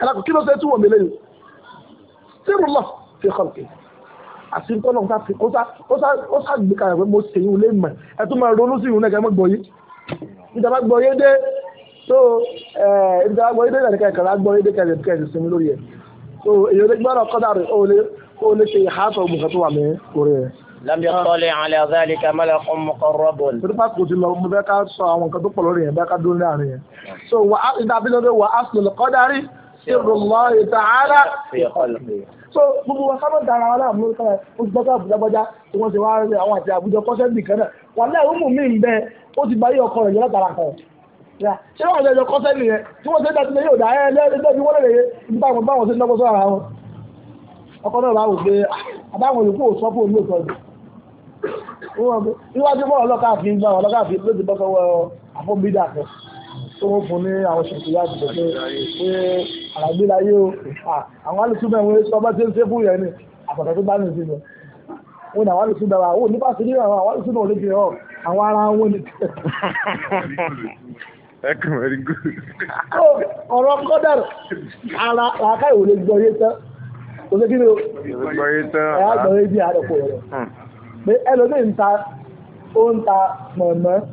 ẹlẹ́kùn kí ló ṣe tí wọ́n mi lẹ́yìn sírù lọ fi kọ́ lókè àti tọ́lọ̀ ń sáfi ó sáàgbé kalẹ̀ pé mo ṣe yín lé mọ̀ ẹ tún máa ronú sí ìrún náà kẹ́ mọ́ gbọ́ yé ìjọba gbọ́ yé dé tó ìjọba gbọ́ yé dé ìjọba kẹ̀kẹ́ gbọ́ yé dé kẹ̀kẹ́ kẹ̀kẹ́ sinmi lórí ẹ̀ tó èyàn lè gbọ́dọ̀ kọ́dà rẹ̀ ó lè ó lè ṣe ìhàtọ̀ òmùkà tó wà ní لم يطلع على ذلك ملك مقرب. ترفع كوتي لو مبكر سو àwọn kan tó pọ̀ lórí yẹn bá ká dúró láàrin yẹn. so wà á sirrullahi ta'ala fi khalqihi. so gbogbo wa sábà dára wa láàmú lórí káyà ó ti gbọ́dọ̀ àbújábọ́já tí wọ́n ti wá rí àwọn àti àbújọ kọ́sẹ́ bì kan náà wà láì mi ń bẹ ó ti bá ọkọ rẹ̀ yọ kan ṣé kọ́sẹ́ tí wọ́n yóò dá ẹ wọ́n lè ṣe ọkọ náà báwo pé ah, àbáwọn ò tó wọ́n fún ní àwọn ṣètò yá àti pẹ̀lú pé àràgbé láyé o àwọn alùsùnbẹ̀ wọn sọ bá ti ń ṣe fún yẹn ni àpàtà tó bá ní ìsìn lọ wọn ni àwọn alùsùnbẹ̀ wa wọn nípa sílẹ̀ àwọn àwọn alùsùnbẹ̀ wọn lè fi hàn àwọn ara wọn ni. ẹ kàn wọ́n rí gùn. ọ̀rọ̀ kọ́dàrú ara làákà ìwòlè gbọ́ yé tán kò sí kí ni o. gbọ́ yé tán. ẹ̀ á gbọ́ yé bí i àdọ̀kọ̀ rẹ̀. Hmm. pé ẹlòmíì ń ta ó ń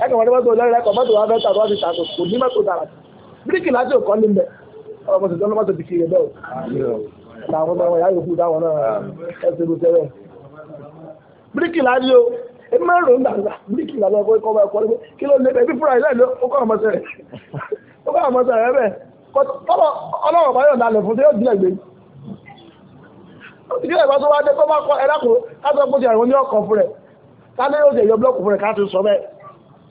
ẹ̀kọ́ wọn ní mọ́tò lẹ́rìí ẹ̀kọ́ mọ́tò wa fẹ́ tà wọ́n ti tà tó kò ní mọ́tò dára bíríkì láti òkọ́ ní bẹ̀ ọmọ tó tọ́lọ́ mọ́tò ti kiri o làwọn ọmọ yòókù táwọn náà ló bíríkì láti o máa ń bíríkì láti ọmọ kí ló lé ó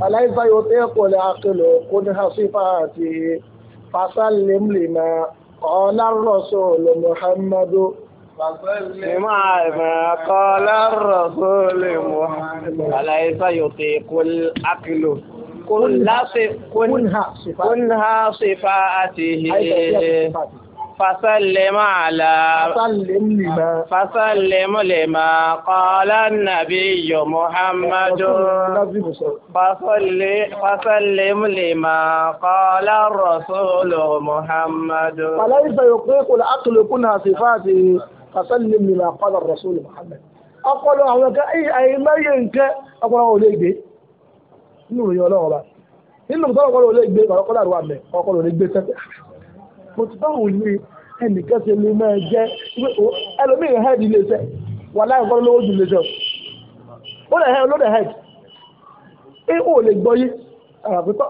فليس يطيق العقل قدح صفاته فسلم لما قال الرسول محمد فسلم ما قال الرسول محمد فليس يطيق العقل كلها صفاته فسلم على فسلم لما فسلم لما قال النبي محمد فسلم لما قال الرسول محمد فليس يطيق العقل كنا صفاته فسلم لما قال الرسول محمد ọpọlọ àwọn ẹ̀ka ẹ̀yìn mẹ́rin nǹkan ọpọlọ ò lè gbé nínú ìròyìn ọlọ́run ọba nínú ìtọ́lọ́pọlọ ò lè gbé ọ̀rọ̀kọ́lá àrùwà mẹ́ ọpọlọ ò lè gbé sẹ́fẹ́ mo ti báwo ni ẹnìkan ṣe lè máa jẹ́ ẹlòmíì head ilé iṣẹ́ wà láì kọ́ lówó ju ilé iṣẹ́ ó lè head lóde head ẹ ò lè gbọ́ yé àràpítọ́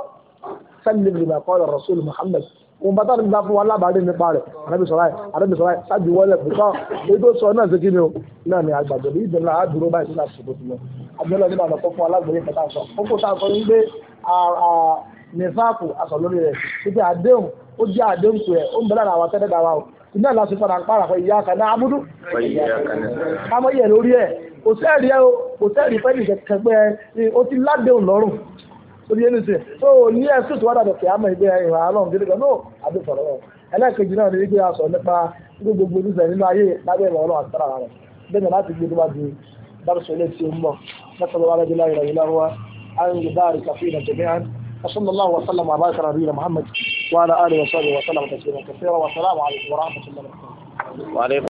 sẹ́ni lè bàa kọ́ ọ̀rọ̀ Rasul Muhammad wọn bá tàbí bá fún wa lábàárẹ̀ nípa rẹ̀ àrẹ́bí sọ̀rọ̀ ẹ̀ àrẹ́bí sọ̀rọ̀ ẹ̀ sábì wọlé pẹ̀tọ́ ètò sọ náà ṣe kí ni o náà ni àgbàdo ní ìdènà àdúró báyìí sí láti ṣòkòtò lọ àgbẹ̀lọ nígbà lọ fún alágbèrè kẹta sọ fún kó tá a sọ ń gbé nìfàkù aṣọ lórí rẹ̀ títí àdéhùn ó jẹ́ àdéhùn rẹ̀ ó ń bẹ lára àwọn atẹ́dẹ́gbà wa o iná ìlà sí padà ń pààrà fún ìyá kan náà amúdú kámọ́ yẹ̀ lórí ẹ̀ kò sẹ́ẹ̀rí ẹ o kò sẹ́ẹ̀rí fẹ́ẹ̀lì kẹgbẹ́ ẹ o ti ládéhùn lọ́rùn orí ẹni sè so ní ẹsùn tí wọ́n dàbẹ̀ kí á mọ̀ ìgbé ìhà ọlọ́run gidi gan náà àbí sọ̀rọ̀ rẹ̀ ẹlẹ́ẹ̀kejì náà ni wípé a sọ nípa gbogbo olùsẹ̀ nínú ayé lábẹ́ ìmọ̀ ọlọ́run àti sára rẹ̀ bẹ́ẹ̀ láti gbé níwá ju dárúsọ ilé tí ó ń bọ̀ lẹ́kọ̀ọ́ bá wà lẹ́jọ́ láyé rẹ̀ yìí lọ́wọ́ وصلى الله وسلم وبارك على نبينا محمد وعلى اله وصحبه وسلم تسليما كثيرا والسلام عليكم ورحمه الله وبركاته.